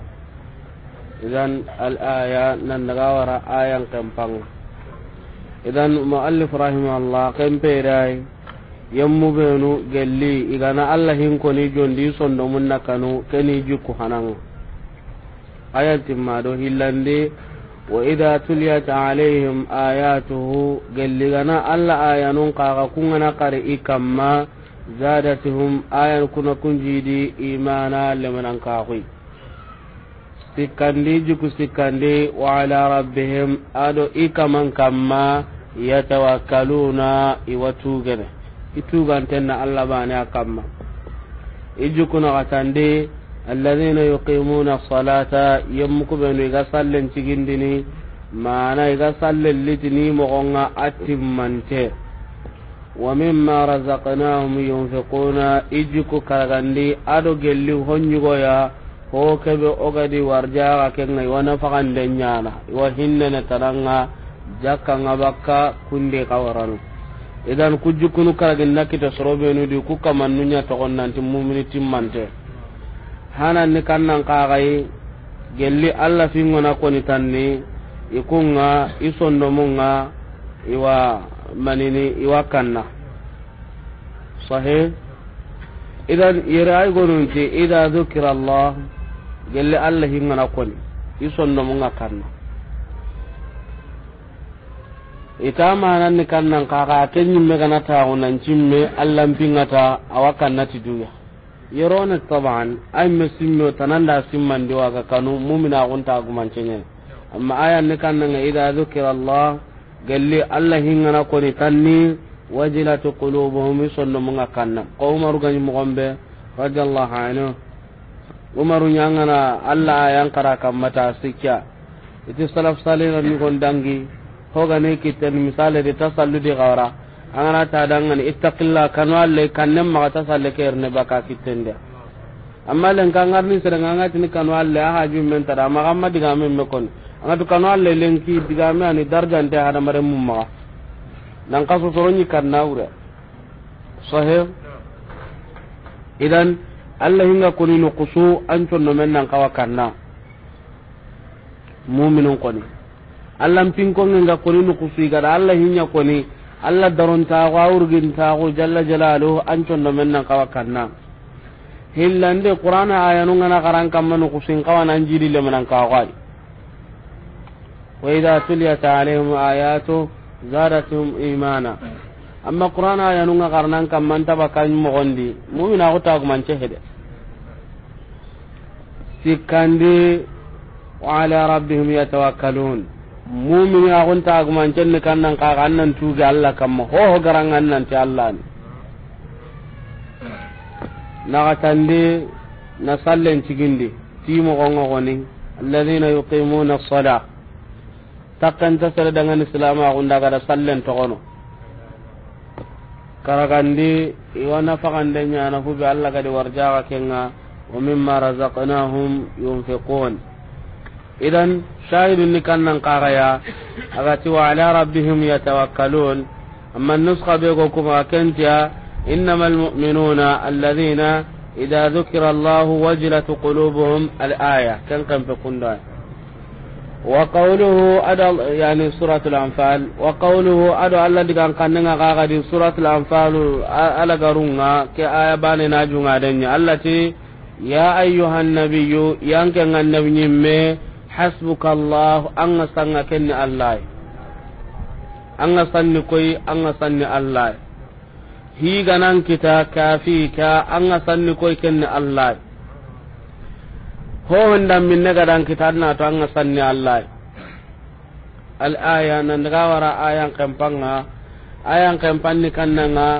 إذن الآية ننغاور آية كمبان إذن مؤلف رحمه الله كم بيراي yammu benu gelli igana allah hin koni jondi sondo mun nakanu keni jikku hananga ayati timma do hillande wa idha tuliyat alaihim ayatuhu galligana alla ayanun kaga kungana kare ikamma zadatuhum ayan kuna kunjidi imana lemanan kaxuy sikandi juku sikkandi wa ala rabbihim ado ikaman kamma yatawakkaluna iwa tugene itu allah alla a kamma ijukuna jukunaxatandi الذين يقيمون الصلاة يمك بنو إذا صلى تجندني معنى إذا صلى لتني مغنى أتمنت ومما رزقناهم ينفقون إجك كرغندي أدو جلي هنجويا هو كبه أغدي وارجاغا كنا ونفقن دنيانا وهنن ترنغا جاكا نبكا كندي قورانو إذا ku jukkunu karagin nakita sorobenu di ku kamannunya togon nanti mumini ni kannan kaxayi gelli alla allah fingona koni tanni ikunga munga iwa manini iwa kanna sahih idan yirai ay gonunti ida dhukira allah gelli gelle allah hingana koni munga kanna ita mananni kannan kaka ken ñimme gana taxunancinme allahnpingata awa kannati duya yerone taban ay mesimmo tananda simmandi waga kanu mumina gunta gumancenyen amma aya ne kannanga ida dhukira allah galli allah hingana koni tanni wajilat qulubuhum isonno munga kanna ko umaru ganyi mogombe radiyallahu anhu umaru na. allah yang kara mata sikya itu salaf salina ni gondangi hoga ne kitten misale de tasallu de gawra angana ta dangani ittaqilla kanu alle kannem ma ta salle ker ne baka kitende amma len kan ngarni seranga ngati ni kanu alle a haju men tara ma amma diga men me kon angatu kanu alle len ki diga me ani darja nte hada mare mumma nan kaso soroni kanna wure sahib idan alla hinga koni no kusu an conno men nan kawa kanna mu'minun koni allan pin ko nga koni no kusu igara alla hinya koni allah darontaxu ta ku jalla jalalu an condo no menna kawa kanna hillande qur'an ayanungana xaran kamma nukusin kawanan jidi lemanan kaxuay wa idha tuliya alayhim ayatu zadatum imana amma qur'an ayanunga xarnan gondi taba kan moxondi muminaxu tagumance hede sikkandi wa ala rabbihim yatawakkalun mumini agun taguman cenne kannan kaga annan tuge allah kamma hoho garan an nan ti allah ni nagatandi na sallen cigindi timogongo goni alladina yuqimuna asala takkanta sere dangan islama agundagada sallen togono karagandi iwa nafagande ñana huɓe allah gadi warjaga kenga wa mimma razaqnahum yunfiqun idan shahidun ni kannan kagaya agati wa ala rabbihim yatawakkalun amma nuska be go kuma kentiya innamal mu'minuna alladhina idza dhukira allah wajilat qulubuhum al aya kan kan fe kunda wa qawluhu ada yani suratul anfal wa qawluhu ada alla digan kannga kaga di suratul anfal ala garunga ke aya bane na junga denya allati ya ayyuhan nabiyyu yankan annabi nyimme hasbuka allah anga sanga kenni allah anga sanni koy anga sanni allah higanan kita kafi ka anga sanni koy kenni allah ho honda minne gadan kita na to anga sanni allah al aya nan daga wara ayan kampanga ayan kampanni kannanga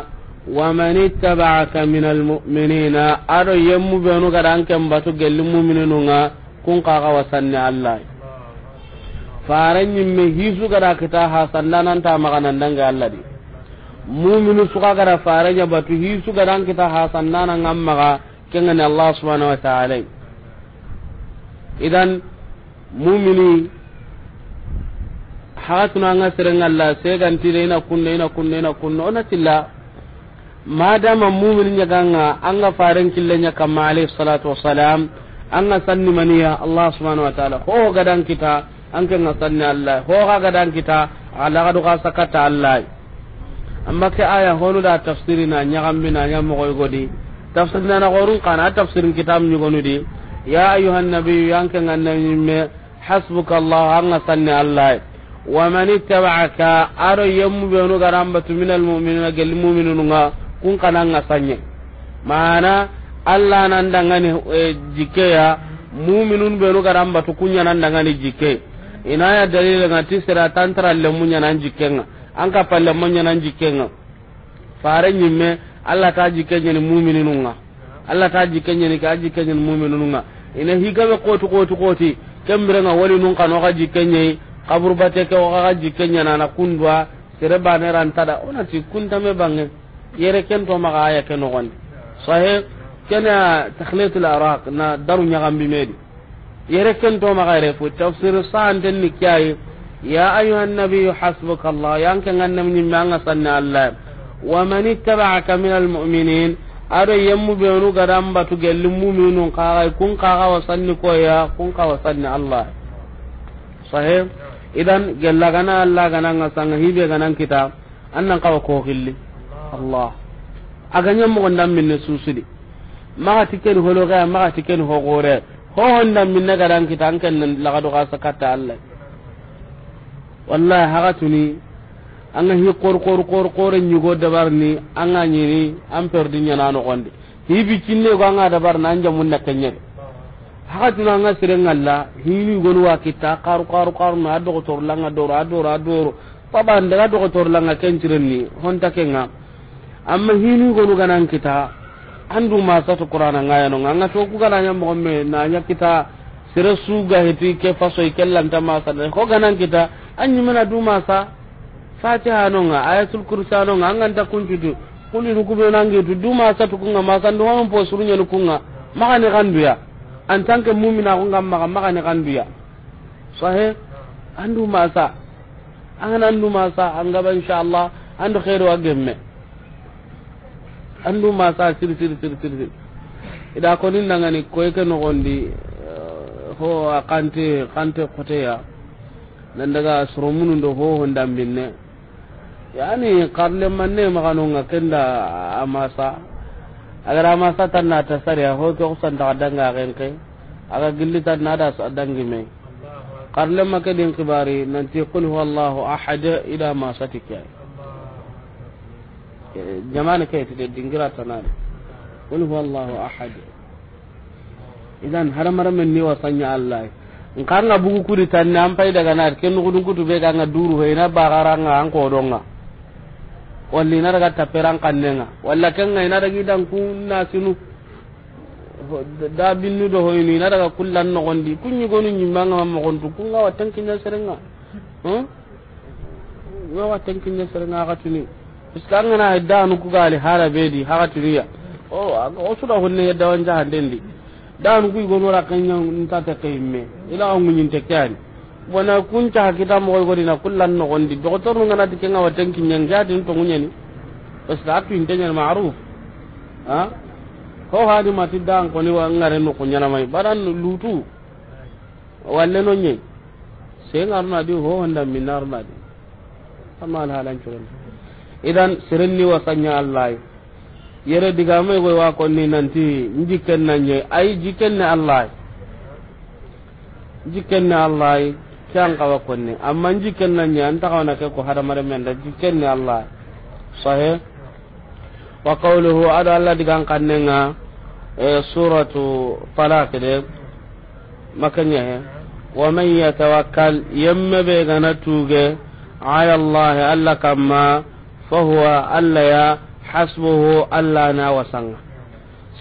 ومن اتبعك من المؤمنين أرى يمو بينو غدان كم باتو جل المؤمنين kun kaga wasanni allah faran me hisu gara kita ha sandanan ta maganan ga allah di muminu suka faran ya batu hisu gara kita ha sandanan amma ga kengani allah subhanahu wa ta'ala idan mumini Allah anga serengalla segantile ina kunna ina kunna ina kunna ona tilla madama mumin ganga anga faren kille nya kama alayhi salatu wassalam anga sanni maniya allah subhanahu wa ta'ala ho gadan kita anke nga sanni allah ho ga gadan kita ala ga duka sakata allah amma ke aya honu da tafsiri na nyagambi na nyam ko godi tafsiri na gorun kana tafsirin kitab gonu di ya ayuhan nabiyyu yanke nga me hasbuka allah anga sanni allah wa man ittaba'aka aro yemmu be no garamba tuminal mu'minina gel mu'minuna kun kana nga sanye mana allah nan dangani e, jike ya muminun benu garan batu kunya nan dangani jike ina ya dalil ga tisira tantara munya nan nga an ka palle munya nan nga fare nyimme allah ta jike jikkenya muminun nga allah ta jike ni ka jike jikkenya muminun nga ina higabe kotu kotu koti kembirenga wali nun kano jike jikkenya kabur bate ke o jike jikkenya na na kundwa sere bane ti kunta kuntame bange yere ken to maga aya ken nogon sahih kena takhlitul araq na daru nyagambi medi yere ken to magare fu tafsir sa'an den ni kyai ya ayuha nabi hasbuka allah yan kan annam ni manga sanna allah wa man ittaba'aka min almu'minin ado yemmu be onu garam batu gelli mu'minun kaga kun kaga wasanni ko ya kun ka wasanni allah sahih idan gella gana allah gana ngasanga hibe gana kita annan kawa ko khilli allah aganya mo gondam minne susudi maga tiken holo ga maga tiken ho gore ho honda minna garan kita an kan nan laga do gasa kata Allah wallahi haga tuni an hi kor kor kor kor ni go dabar ni an ga ni an perdi nya nano gonde hi bi cinne go an ga dabar nan jamun na kanya haga tuni an sire siren Allah hi ni go wa kita karu karu karu na do to langa do ra do ra do paba ndaga do to langa kenjiren ni honta kenga amma hi ni go ganan kita andu ma to qur'ana ngaya no nganga to ku gana nyam gomme na nya kita sira suga heti ke faso kellan ta ma sana ko ganan kita anyi mana du ma sa fatiha no nga ayatul kursi no nga ngan ta kunjudu kuni ruku be nangi tu du ma satu kunga ma san do won po ku nga ma ka ne kan duya an tanke mumina ko ngam maka ka ne kan duya sahe andu ma sa an andu ma sa an gaba inshallah andu khairu agemme andu ma sa sir sir sir sir sir ida ko nin nanga ni ko ke no gondi eh, ho akante kante kote ya nan daga surumunu do ho honda binne yani qarle manne nga kenda amasa agar amasa tan na tasariya ho ko san daga danga renke aga gilli tan na da dangi me karle ke din kibari nan ti qul huwallahu ahad ila ma satika jamani kay tide dingira tanani qul huwallahu ahad idan haramara men ni wasanya allah nkarna bugu kuri tan nan pay daga nar ken gudun kutu be ga ngaduru he na bagaranga an ko walli na daga taperan kannenga walla ken ngai na daga idan kun na sinu da binnu do hoyni na daga kullan no gondi kunyi gonu nyimbanga ma gontu kunga watan kinya serenga hmm wa watan kinya serenga katuni iskangana danu kugali hara bedi haka tiriya o o suda honne yadda wanja handendi danu ku igono ra kanya nta ta kayme ila on munyin te kyani wana kunta kita mo gori na kullan no gondi doktor ngana tankin yan kinyan jadi to munyani bas da tu intenya ma'ruf ha ho hadi mati dan ko ni wa ngare no kunyana mai baran lutu walle no nyi sai ngarna di ho honda minar na di amma halan curan idan sirenni wasanya allah yere digame go wa konni nanti njiken nanye ay jiken ne allah jiken ne allah kyan konni amma kawana ke ko hada mare men da jiken ne allah sahe wa qawluhu ada allah digan kannenga e suratu talaq de makanya he wa man yatawakkal yamma be ala allah kamma fahuwa allah ya hasbuhu allah na wasanga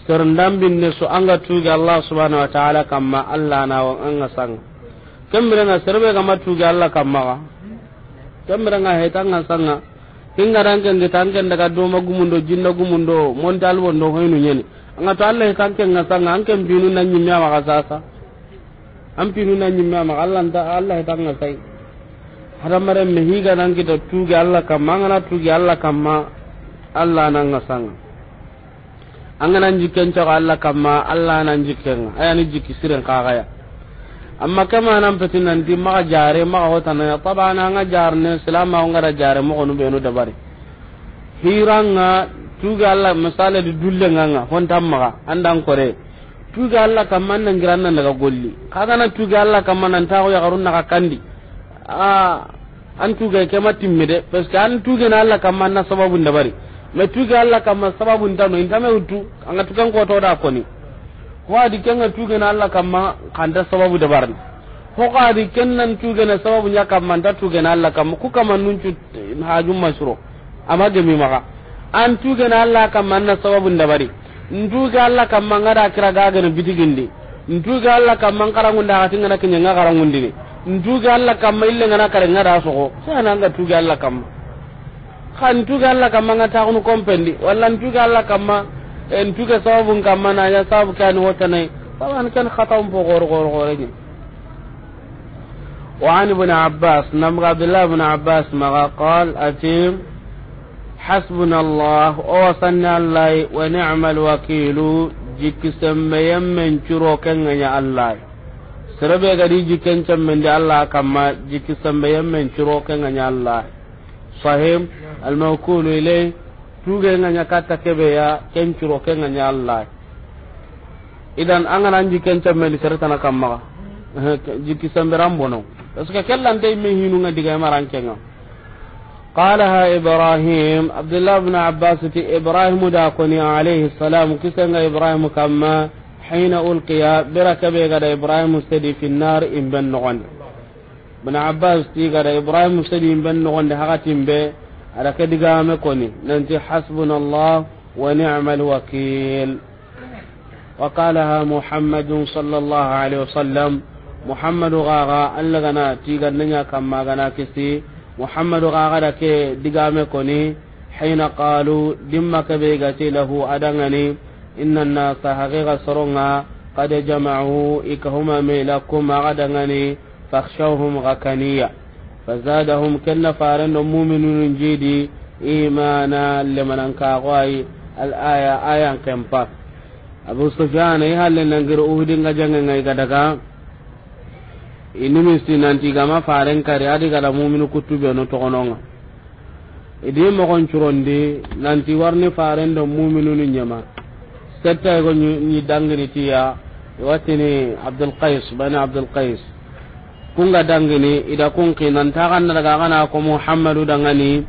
serndambinne su anga tuge allah subhanahu wa ta'ala kamma allah na anga sanga kemmirenga serbe gama tuge allah kamma wa kemmirenga hetanga sanga hingarankengi tanken daga doma gumundo jinna gumundo monte albondo hoynu ñeni anga to allah tanken nga sanga anken pinu na ñimme amaxa sasa an pinu na ñimme amaxa allah allah hetanga sai hadamaren me higa nan kita tuge Allah kamma angana tuge Allah kamma Allah nan an angana jikken ta Allah kamma Allah nan aya ni jikki siren kagaya amma kama nan fitin nan di maka jare maka hota na taban jar ne salama ngara jare mo kono beno dabari hiranga tuge Allah misale di dulle nganga hontam maka andan kore tuge Allah kamma nan giran nan daga golli kaga na tuge Allah kamma nan tawo ya garun na kandi Ah, an tuge ke matimmi de parce que an tuge na Allah kamma na sababu da bari me tuge Allah kamma sababu da no inta me utu an tuga ko to da ko ni ko adi ken na tuge na Allah kamma kanda sababu da bari ko adi ken nan tuge na sababu nya kamma da tuge na Allah kamma ku kamma nun cu haju masro amma de mi maka an tuge na Allah kamma na sababu da bari ntuga Allah kamma ngada kira gaga ne bitigindi ntuga Allah kamma karangun da hatinga na kinya ngara dini ntuge alla kamma ille ngana kare ngada sogo sana nga tuge alla kamma ka ntuge alla kamma nga taxunu compendi walla ntuge alla kamma e, ntuge sababun kamma naña sababu ke wotanai saban ken xatam po goor goor gooreñi وعن ابن عباس نمر عبد ma بن عباس مغا قال أتيم حسبنا الله وصلنا الله ونعم الوكيل جك سميم من شروكا يا الله serebe gadi jikken cammendi allah kamma jikki sembe yemmen ciro kenganya allah sahim almawkulu ilay tugenganya katta ya ken ciro kenganya allah idan anganan jikken cammendi seretana kammaga jikki semberan bono parce que kellante imme hinunga digamarankenga قالها إبراهيم عبد الله بن عباس إبراهيم داكني عليه السلام كسنا إبراهيم كما حين ألقي بركبه قد إبراهيم سدي في النار إن بن نغن بن عباس تي قد إبراهيم سدي إن بن نغن هغتم به على كده مكوني ننتي حسبنا الله ونعم الوكيل وقالها محمد صلى الله عليه وسلم محمد غاغا اللغنا تيغا نيا كما غنا كسي محمد غاغا دك دغامه كوني حين قالوا دمك بيغتي له ادغني inna an-nasa haqiqa soronga qad jama'u ikahuma mailakum agadangani fakhshawhum ghakaniya fazadahum kanna farando mu'minun jidi imana limanan kaqai al-aya ayan kempa abu sufyan ay halle nangir uhudin ga jangan ngai gadaga ini misti nanti gama faren kare adi gada mu'minu kutube no tokononga idi mo kon curondi nanti warni faren do mu'minun nyama ketta go ni dangini tiya watini abdul qais bani abdul qais kunga dangini ida kun kinan ta kan daga kana ko muhammadu dangani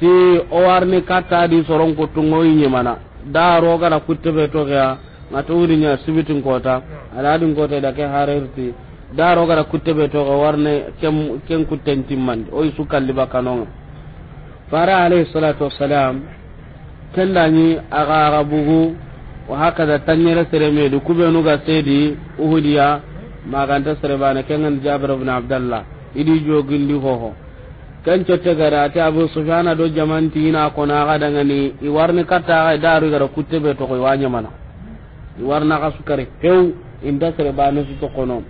ti o warni kata di soron ko tungo yi mana da roga na kuttebe to ga na tuuri nya sibitin kota aladin kota da ke harerti da roga na kuttebe to ga warne kem ken kutten timman o su kalli bakanon fara alayhi salatu wassalam kendani aga aga bugu wa hakaza tanyere sereme du kubenu ga sedi uhudiya maganta serebana kengan jabir ibn abdullah idi ho hoho kan cotte gara ta abu sufyana do jamanti ko kona ga ni i warni kata ga daru gara be to ko wanya mana i warna ga sukare pew inda serebana su to kono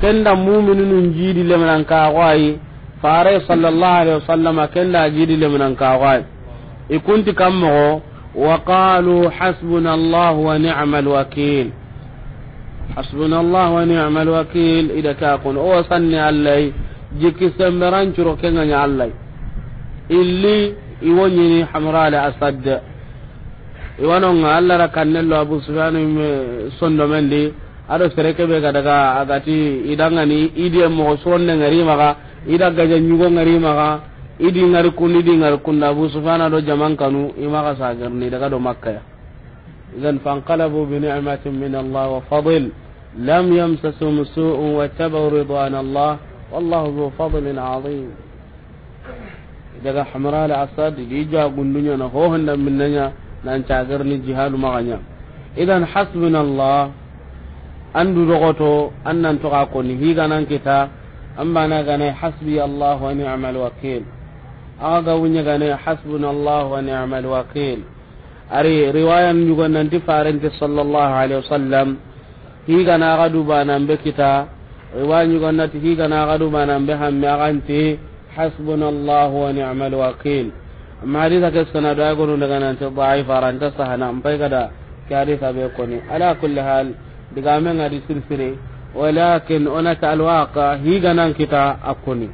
da mu'minun jidi man ka wai fare sallallahu alaihi wasallam kenda jidi man ka kunti ikunti kammo وقالوا حسبنا الله ونعم الوكيل حسبنا الله ونعم الوكيل إذا كاكون أو صنع علي جيكي سمبران شروع كنغني علي إلي يونيني حمرال أصد iwanonga allah ra kannello abu sufyanu sondomen di aɗo sereke ɓe ga daga agati idangani idiye mogo soronde ngarimaga ida gaja ñugo ngarimaga idi ngari kun idi ngari kun abu sufyan do jaman kanu ima ka sagar ni daga do makka ya idan fanqalabu bi ni'matin min allah wa fadl lam yamsasu musu'u wa tabaw ridwan allah wallahu bi fadlin azim daga hamra al asad di ja gundunya na ho handa minnanya nan tagar ni jihad maganya idan hasbun allah andu rogoto annan to ka ko ni higa nan kita amma na gane hasbi allah wa ni'mal wakil aga gane hasbunallahu wa ni'mal wakil ari riwayan yugo nanti farenti sallallahu alaihi wasallam higa na gadu bana mbe kita riwayan yugo nanti higa na gadu banan be hamme aganti hasbunallahu wa ni'mal wakil amma hadisa ke sana da gonu daga nan ta da'ifa ran sahana am kada kari ta be koni ala kulli hal diga men ari sirsire walakin onata alwaqa higa nan kita akoni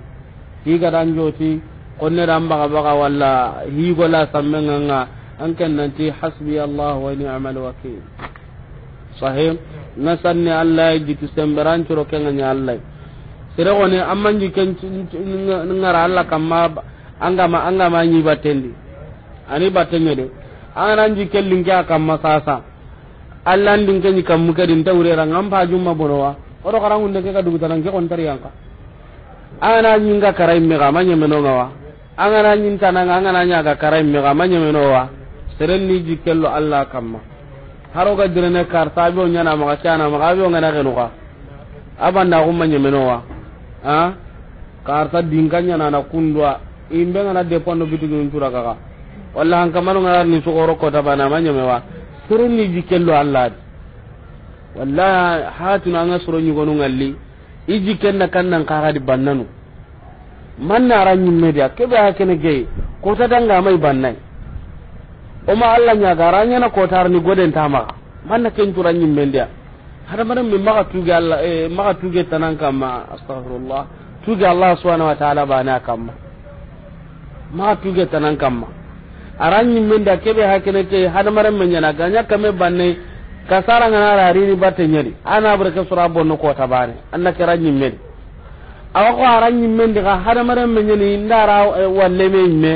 higa dan joti konne ran baga baga walla higo la sammenga nga an kan nanti hasbi allah wa ni'mal wakil sahih na sanne allah jitu semberan curo kenga nya allah sere gone amman ji ken ngara allah kamma anga ma anga ma nyi batendi ani batenye de anan ji kellin kya kamma sasa allah ndin ken kammu kadin tawre ran am pa jumma bonowa odo karangunde ke kadugu tanan ke kon tariyanka ana nyinga karai me ga manya menonga wa angana ñintananga angana ñaga karayin mega ama ñemenowa seren ni jikello alla kamma ga direne karta abio ga canamaga abio ngana xenuxa abandaxumma ñemenowa ha karta na na kundwa imbe ngana tura ga ga walla hankamano ngana ni sogoro kotabana ama ñemewa seren ni jikello allah di wallahi hatuna anga soro ñugonu ngalli i jikken na kan nan di bannanu man na ran nyimme dia ke ba kene ge ko ta danga mai bannai o ma Allah nya ga ranya na ko tar ni goden ta ma man na ken turan nyimme dia hada maran min maka tuge Allah eh maka tuge tanan kama astaghfirullah tuge Allah subhanahu wa ta'ala a kama maka tuge tanan kama aran nyimme dia ke ba hakene ke hada maran men yana ganya ban bannai kasara ngana rari ni batte nyeri ana barka sura bonno ko ta bane annaka ran nyimme awa ko aran nyimmen daga hadamaren menye ni ndara eh, walle me nyimme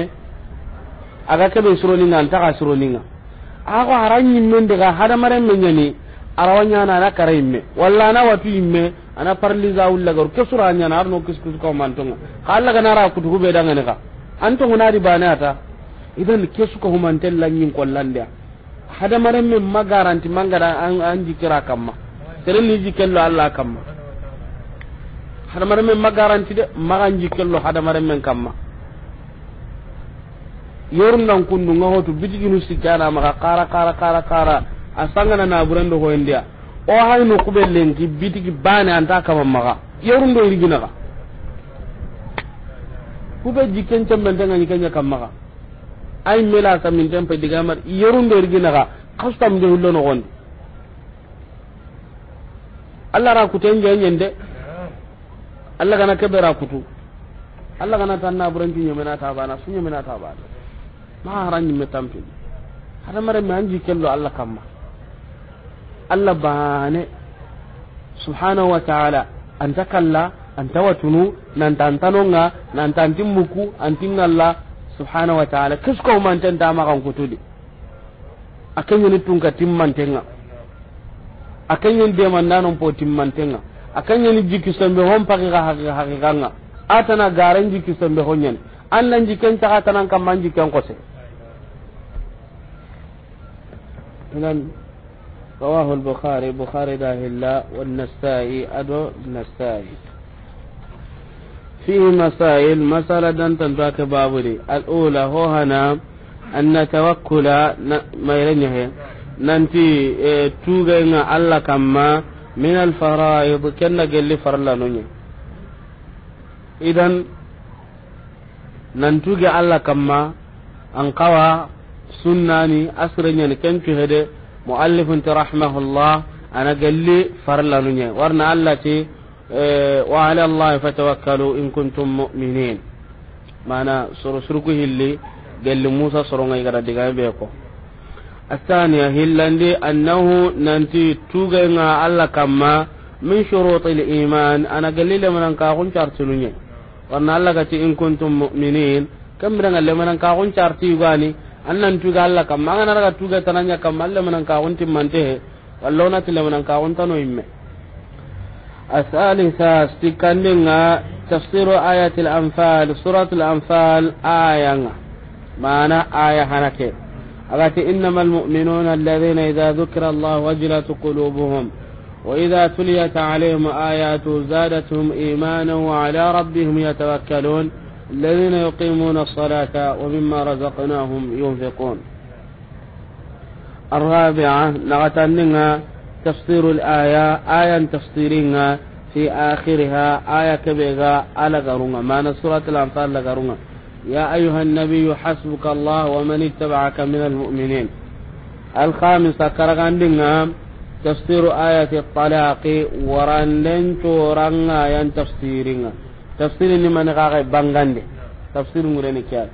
aga kebe suroni nga anta ka suroni nga ako aran nyimmen daga hadamaren menye ni arawanya na na kare imme walla na watu imme ana parliza ulla gar ke suranya na arno kis kis ko mantonga kala ga nara kutu hube danga ne ka anto ngona di bana ata idan kesu ko humantel lanyin kollandia hadamaren men magaranti mangara an an jikira kamma seren ni jikello alla kamma hadamaren men ma garanti de magan jikkello hadamaren men kamma yorundan kundu nga hotu bitiginu sikkana maga kara kara kara kara a sangana naburendo india o hayno kuɓe ki bitigi bane anta kama maga yorundo iriginaga kuɓe jikken cembentengañi kanya kam maga ay mela saminten pe digamar rigina iriginaga kastam de hullo gon allah ra kuten jeñen allah kana kebera kutu allah gana tan naburanti na tabana su ta tabana ma hara ñimme hada mare me anji kello allah kamma allah bane subhanahu wa taala anta kalla anta watunu nanta antanonga nan antin muku antin allah subhanahu wa taala ma kan kutudi akeñeni tunka de man nanon po tenga akan yani jiki sembe hon pagi ga hagi hagi ganga atana garan jiki sembe honyan annan jiken ta atana kan man jiken kose nan rawahu al bukhari bukhari dahilla wan nasai ado nasai fihi masail masala al ula ho hana tawakkula eh, tuga alla kamma min al fara'id kenna gelli farla nonye idan nantuge allah kamma an kawa sunnani asrenyani kencu hede muallifun ta rahimahullah ana gelli farla nonye warna allah ce wa ala allah fatawakkalu in kuntum minin mana suru surku hilli gali musa soronga igara diga be ko الثانية هلندي أنه ننتي توغينا الله كما من شروط الإيمان أنا قليل من أنك أكون شارتلوني وأن الله قلت إن كنتم مؤمنين كم من أنك من أنك أكون شارتلوني أن ننتوغ الله كما أنا رغا توغي تنانيا كما الله من أنك أكون تمانته واللونة لمن أنك أكون تنويمه الثالثة استكندنا تفسير آية الأنفال سورة الأنفال آية معنى آية هنكي أغاتي إنما المؤمنون الذين إذا ذكر الله وجلت قلوبهم وإذا تليت عليهم آياته زادتهم إيمانا وعلى ربهم يتوكلون الذين يقيمون الصلاة ومما رزقناهم ينفقون الرابعة نغتنها تفسير الآية آية تفسيرها في آخرها آية كبيرة على قرونها ما سورة الأنفال لقرونها يا أيها النبي حسبك الله ومن اتبعك من المؤمنين الخامسة كرغان تفسير آية الطلاق ورندن تورانا ين تفسيرنا تفسير لمن غاغي بانغاندي تفسير مريني كان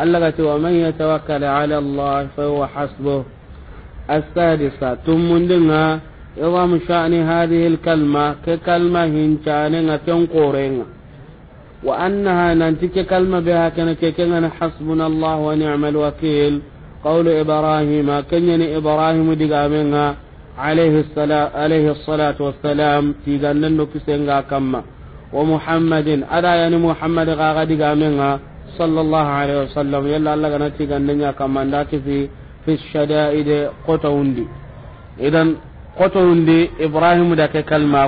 الله ومن يتوكل على الله فهو حسبه السادسة تمندنا عظم شأن هذه الكلمة ككلمة هنشاننا تنقورنا wa annaha nanti ke kalma be ha kana ke kana hasbuna allah wa ni'mal wakil qawlu ibrahim kanyani ibrahim diga menga alayhi alayhi salatu wassalam tiga nan no kisenga kamma wa muhammadin ada yani muhammad ga ga diga menga sallallahu alaihi wasallam yalla allah kana tiga nan ya kamma nda kifi ibrahim da ke kalma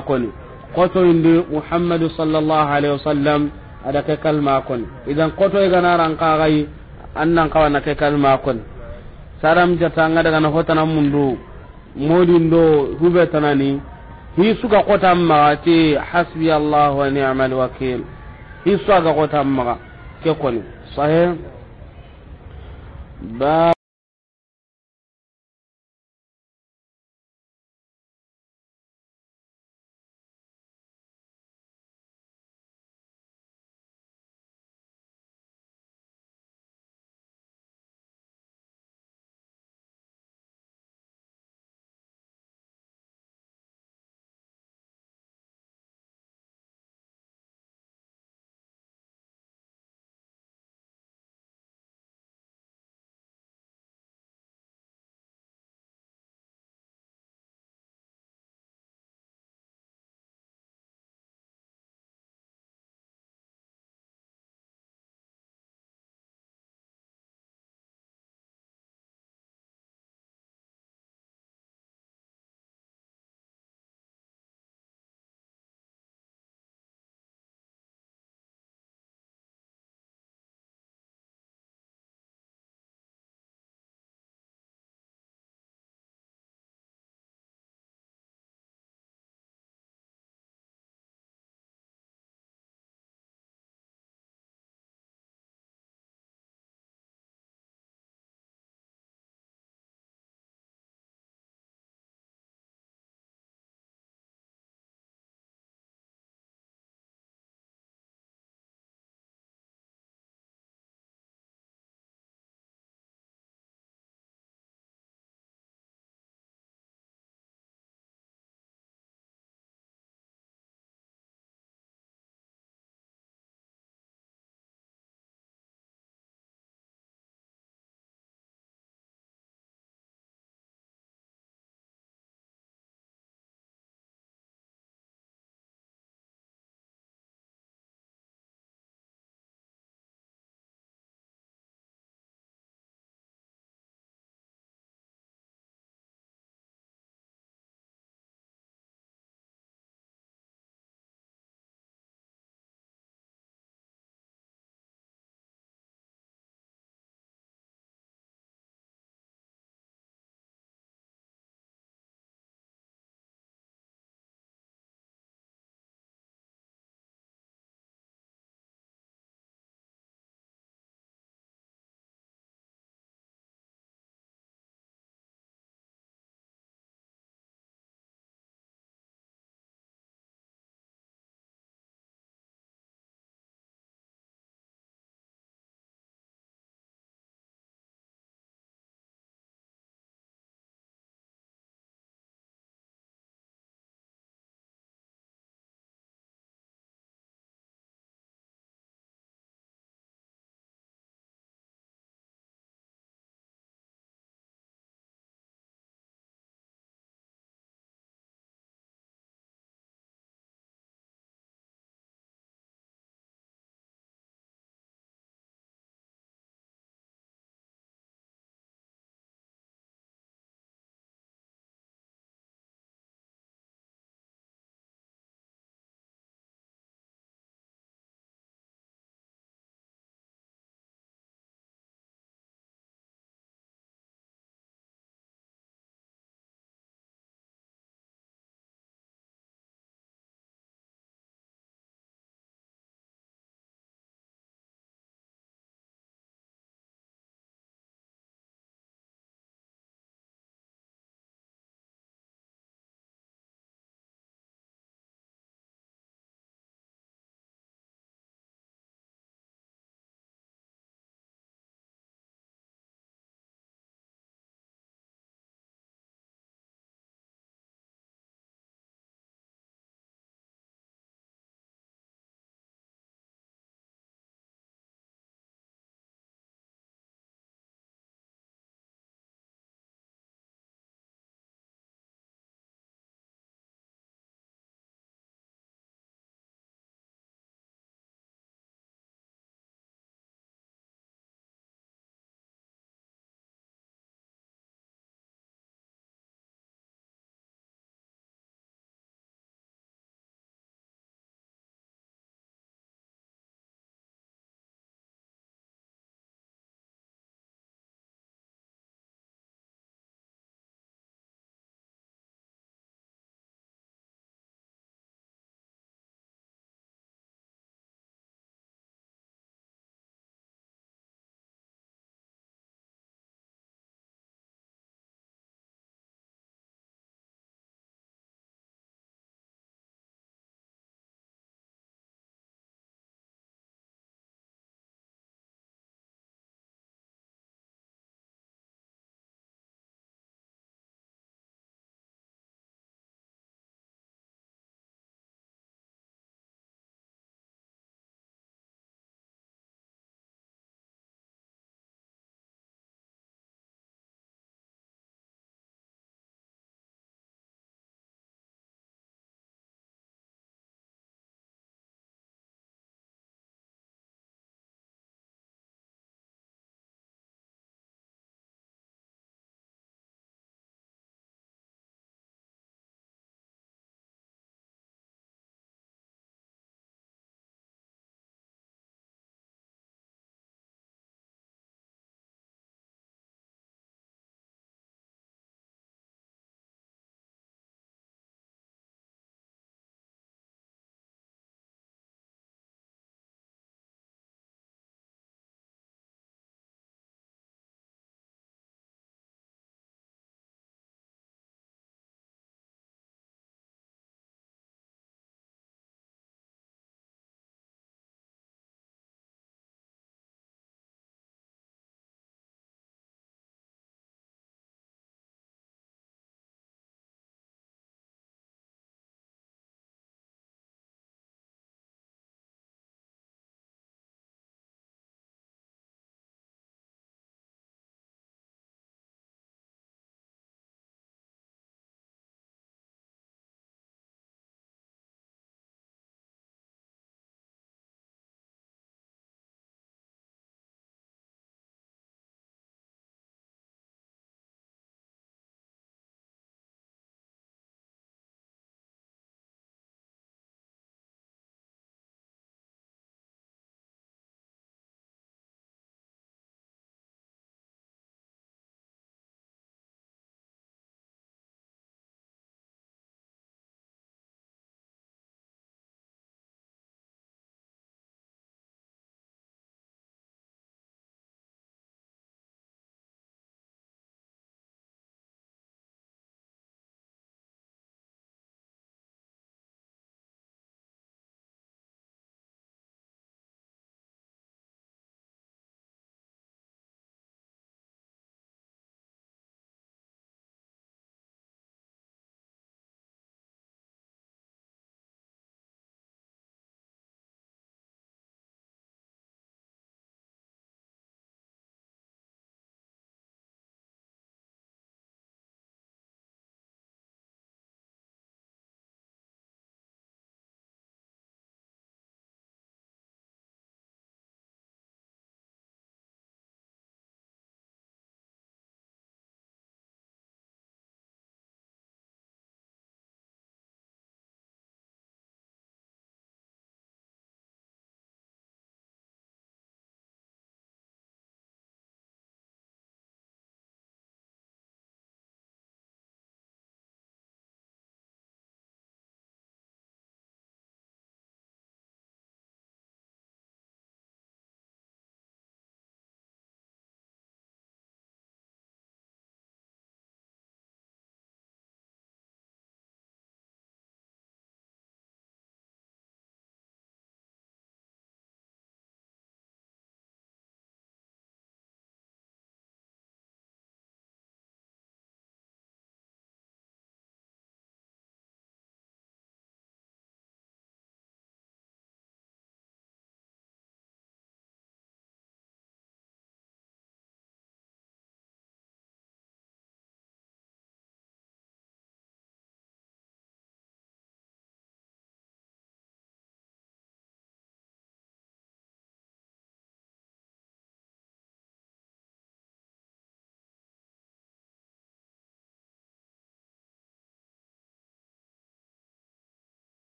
muhammad sallallahu alaihi ada ke kalma kon idan koto e gana ran ka gai annan ka na ke kalma kon saram jata nga daga na hotana mundu modin do hube tanani hi suka kota amma ti hasbi allah wa ni'mal wakil hi suka kota amma ke kon sahih